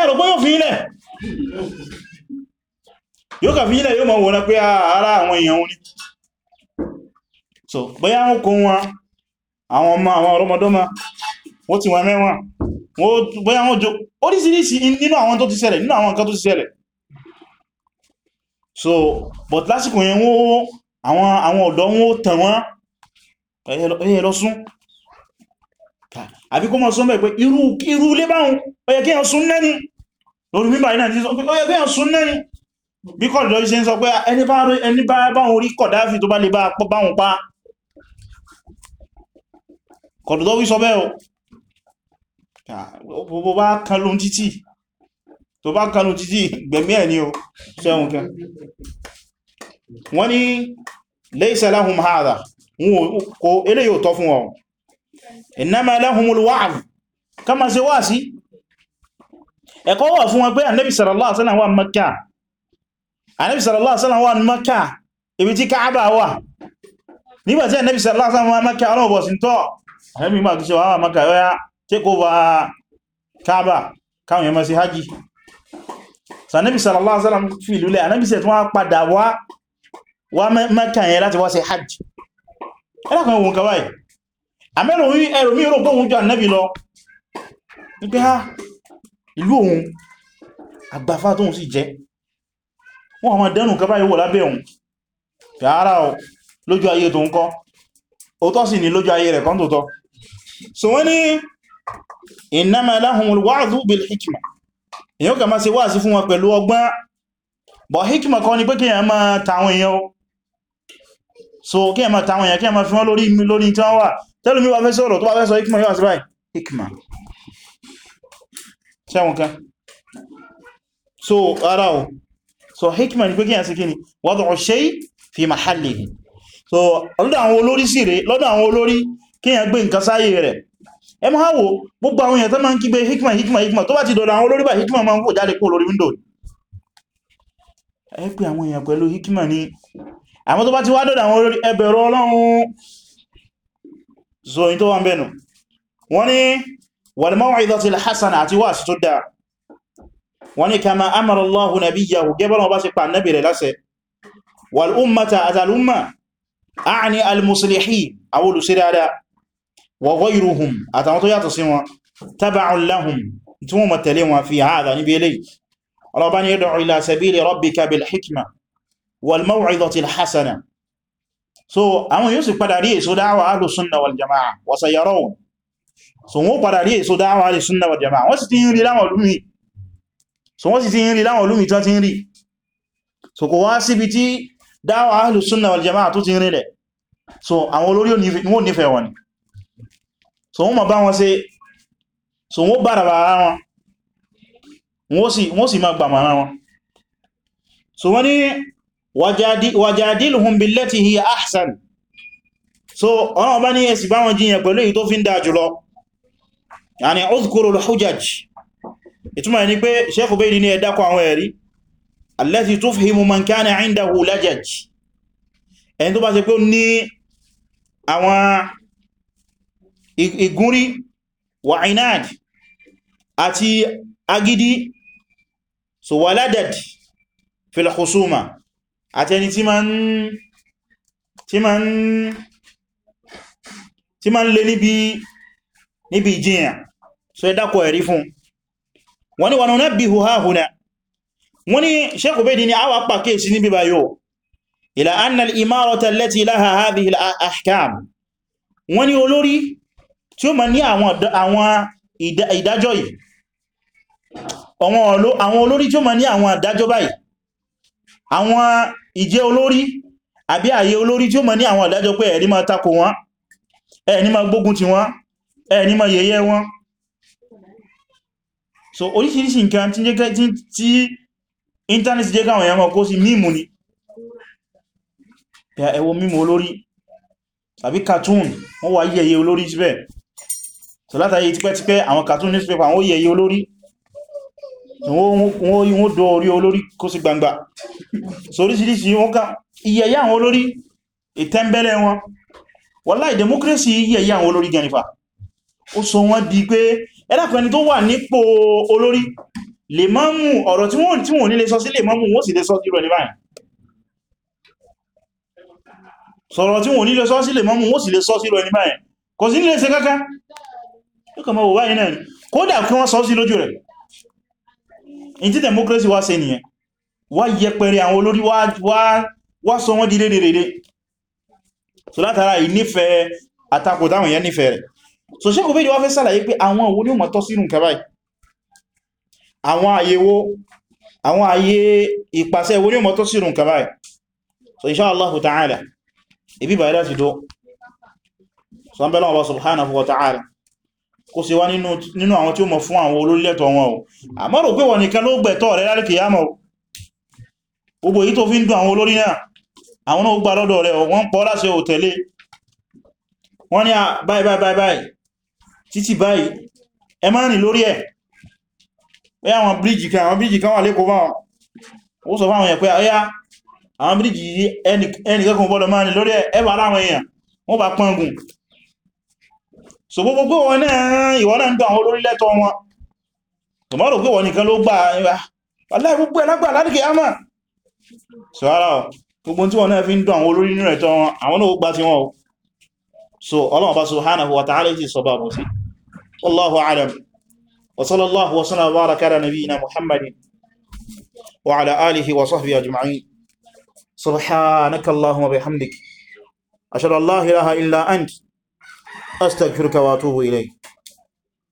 ẹ̀rọ pé yóò fi ilẹ̀ yóò kà fílẹ̀ yóò mọ̀ wọ́n pé ah, ara àwọn èèyàn wọn ni so bóyá wọn kó wọn àwọn ọmọ àwọn ọ̀rọ̀mọdọ́mọ wọ́n ti wọ́n mẹ́wọ̀n bóyá wọ́n jọ oríṣiríṣi nínú àwọn tó ti ṣẹlẹ̀ nínú àwọn nǹkan tó ti ṣẹlẹ̀ so but lásìkò yẹn wọ́n àwọn àwọn ọ̀dọ́ wọ́n tàn wọ́n ẹ̀yẹ lọ sún àbí kó mọ́ sún bẹ̀ pé irú ilé báhùn ó yẹ kéèyàn sún nẹ́ni lórí mímọ̀ ìnáà ti sọ bí kọ̀dọ̀ ṣe ń sọ pé ẹni bá báwọn rí kọ̀dáfì tó bá lè báwọn pa kọ̀dọ̀ wí sọ bẹ́ẹ̀ o bó bá kan lóhun títì tó bá kan lóhun títì gbẹ̀mí ẹ̀ ni o sẹ́wọ̀n kan wọ́n ní laysa Ànábì sallallahu alaihi wasallam wà ní Mẹ́kà ibi tí Káàbà wà nígbàtí Ànábì sallallahu alaihi wasallam wà Mẹ́kà ọlọ́wọ̀ bọ̀ sí tọ́ Ànábì ma kíṣẹ́ wà Mẹ́kà yọ́yá take over uh, Káàbà káwọn yẹmọ́ sí hajji sànábì sallallahu alaihi wasallam fi ìlú lẹ́ Ànábì sẹ̀ tún wá padà wá Mẹ́kà yẹn láti wá sí hajji ẹlẹ́kùn ohun kawai àmẹ́rùn orí ẹrù mí rò gbóhun jù Ànábì lọ wípé ha ìlú òun àgbàfà tóhun sì jẹ́ wọ́n ma dẹ́nu kẹba yíwò lábẹ́ òun yàrá o lójú ayé tó ń kọ́ òótọ́ sì ni lójú ayé rẹ̀ kan tó tọ́ so wọ́n ni innama lahumul wa'dhu bil hikma èyàn kà máa ṣe wáàsí fún wọn pẹ̀lú ọgbọ́n bọ̀ hikma kan ni pé kí èyàn máa tàwọn èyàn so kí èyàn máa tàwọn èyàn kí èyàn máa fi wọ́n lórí lórí tí wọ́n wà tẹ́lù mi wá fẹ́ sọ̀rọ̀ tó wá fẹ́ sọ hikma yóò àsìbáyì hikma ṣẹ́wọ̀n kan so ara o so hikma ni pé kí yàn sí kí ni wad'u shay fi mahallihi so lọ́dọ̀ àwọn olórí sí rẹ̀ lọ́dọ̀ àwọn olórí kí yàn gbé nǹkan sáyé rẹ̀ ẹ máa wò gbogbo àwọn èèyàn tó máa ń kígbe hikma hikma hikma tó bá ti dọ̀dọ̀ àwọn olórí bá hikma máa ń fò jáde kó lórí window ẹ pé àwọn èèyàn pẹ̀lú hikma ni àwọn tó bá ti wá dọ̀dọ̀ àwọn olórí ẹ bẹ̀rù so yí tó wà ń bẹ̀nu wọ́n ni wal maw'izati al hasana àti wáàsí tó wọ́n ní kama amara Allahu nabiyyahu gẹ́bọ́n ọba ṣe pa annabi rẹ̀ láṣẹ wal ummata atalumma a'ni al-muslihin àwọn olùsídáadá wa ghayruhum àtàwọn tó yàtọ̀ sí wọn taba'un lahum tí wọ́n mọ̀ tẹ̀lé wọn fi hadha níbi eléyìí ọlọ́bá ni ila sabili rabbika bil hikma wal maw'izati hasana so àwọn yóò sì padà rí èso sunna wal jama'a wa sayarawun so wọ́n padà rí èso dáwà sunna wal jama'a wọ́n ti ń rí láwọn olùmí so wọ́n sì ti ń rí láwọn olómi tán ti ń rí so kò wá síbi tí dáwà ahlu sunna wal jama'a tó ti ń rílẹ̀ so àwọn olórí wọ́n nífẹ̀ẹ́ wọn ni so wọ́n mọ̀ bá wọn ṣe so wọ́n bára ara wọn wọ́n sì máa gbà mara wọn so wọ́n ni wajadilhum billati hiya ahsan ìtumọ̀ ni pé Sheikh Ubaydi ní ẹ dákọ àwọn ẹ̀rí allati tufhimu man kana indahu lajaj ẹni tó bá ṣe pé ó ní àwọn ìgúnrí wa inad àti agidi so wa ladad fil khusuma àti ẹni tí ma ń lè níbi ìjìyàn so ẹ ẹ̀rí fún wọ́n ní wa nunabbihu hahuna wọ́n ní Sheikh Ubaydi ni a wà pàkíyèsí níbi báyò ila anna al-imarata allati laha hadhihi al-ahkam wọ́n ní olórí tí ó ma ní àwọn ìdájọ́ yìí àwọn olórí tí ó ma ní àwọn ìdájọ́ báyìí àwọn ìjẹ́ olórí àbí àyè olórí tí ó ma ní àwọn ìdájọ́ pé ẹ̀rí ma tako wọn ẹ̀ní ma gbógun ti wọn ẹ̀ní ma yẹ̀yẹ́ wọn so oríṣiríṣi nǹkan tí jẹ́ tí internet jẹ́ káwọn èèyàn kó sí mímù ni ẹwọ mímù olórí tàbí cartoon wọ́n wà yẹ̀yẹ olórí síbẹ̀ so látàyè tipẹ́tipẹ́ àwọn cartoon newspaper wọ́n yẹ̀yẹ olórí wọ́n dọ orí olórí kó sí gbangba so oríṣiríṣi wọ́n ká ẹ̀dàkùn ẹni tó wà nípò olórí lè mọ́mù ọ̀rọ̀ tí wọ́n ní lè sọ sí lè mọ́mù wọ́n sì lè sọ sí rẹ̀ níbàyìn sọ̀rọ̀ tí wọ́n ní lè sọ sí lè mọ́mù wọ́n sì lè sọ sí rẹ̀ níbàyìn kò sí nílé ṣe kankan yóò kàn mọ́ wò báyìí náà kódà kí wọ́n sọ sí nífẹ̀ẹ́ rẹ̀ so ṣe kò bèèrè wá fẹ́ sàlàyé pé àwọn òwò ní ọmọ tọ́ sínú nǹkan báyìí àwọn àyèwò àwọn àyè ìpàṣẹ ìwò ní ọmọ tọ́ sínú nǹkan báyìí so insha Allah ta'ala ibi bàí láti tó sọ́nbẹ̀lọ́wọ́ títí báyìí ẹ má rìn lórí ẹ̀ pé àwọn bíríjì kan àwọn bíríjì kan wà lẹ́kọ̀ọ́ báwọn ó sọ fáwọn èèyàn pé ọyá àwọn bíríjì yìí ẹnìkẹ́kùn bọ́dọ̀ má rìn lórí ẹ̀ ẹbà láwọn èèyàn wọ́n bá pọ́ngun so gbogbo pé wọn náà ìwọ náà ń gbà àwọn olórí lẹ́tọ̀ wọn tọmọ́rò pé wọn nìkan ló gbà ẹwà aláìgbogbo ẹlágbà ládìkì á mà so ara ọ gbogbo tí wọn náà fi ń dùn àwọn olórí nínú ẹ̀tọ́ wọn àwọn náà ó gbà ti wọn o so ọlọ́wọ́ bá subhanahu wa ta'ala yìí sọ bá mọ̀ sí wallahu alam wa sallallahu wa sallam wa baraka ala nabiyyina muhammadin wa ala alihi wa sahbihi ajma'in subhanaka allahumma bihamdik ashhadu an la ilaha illa ant astaghfiruka wa atubu ilayk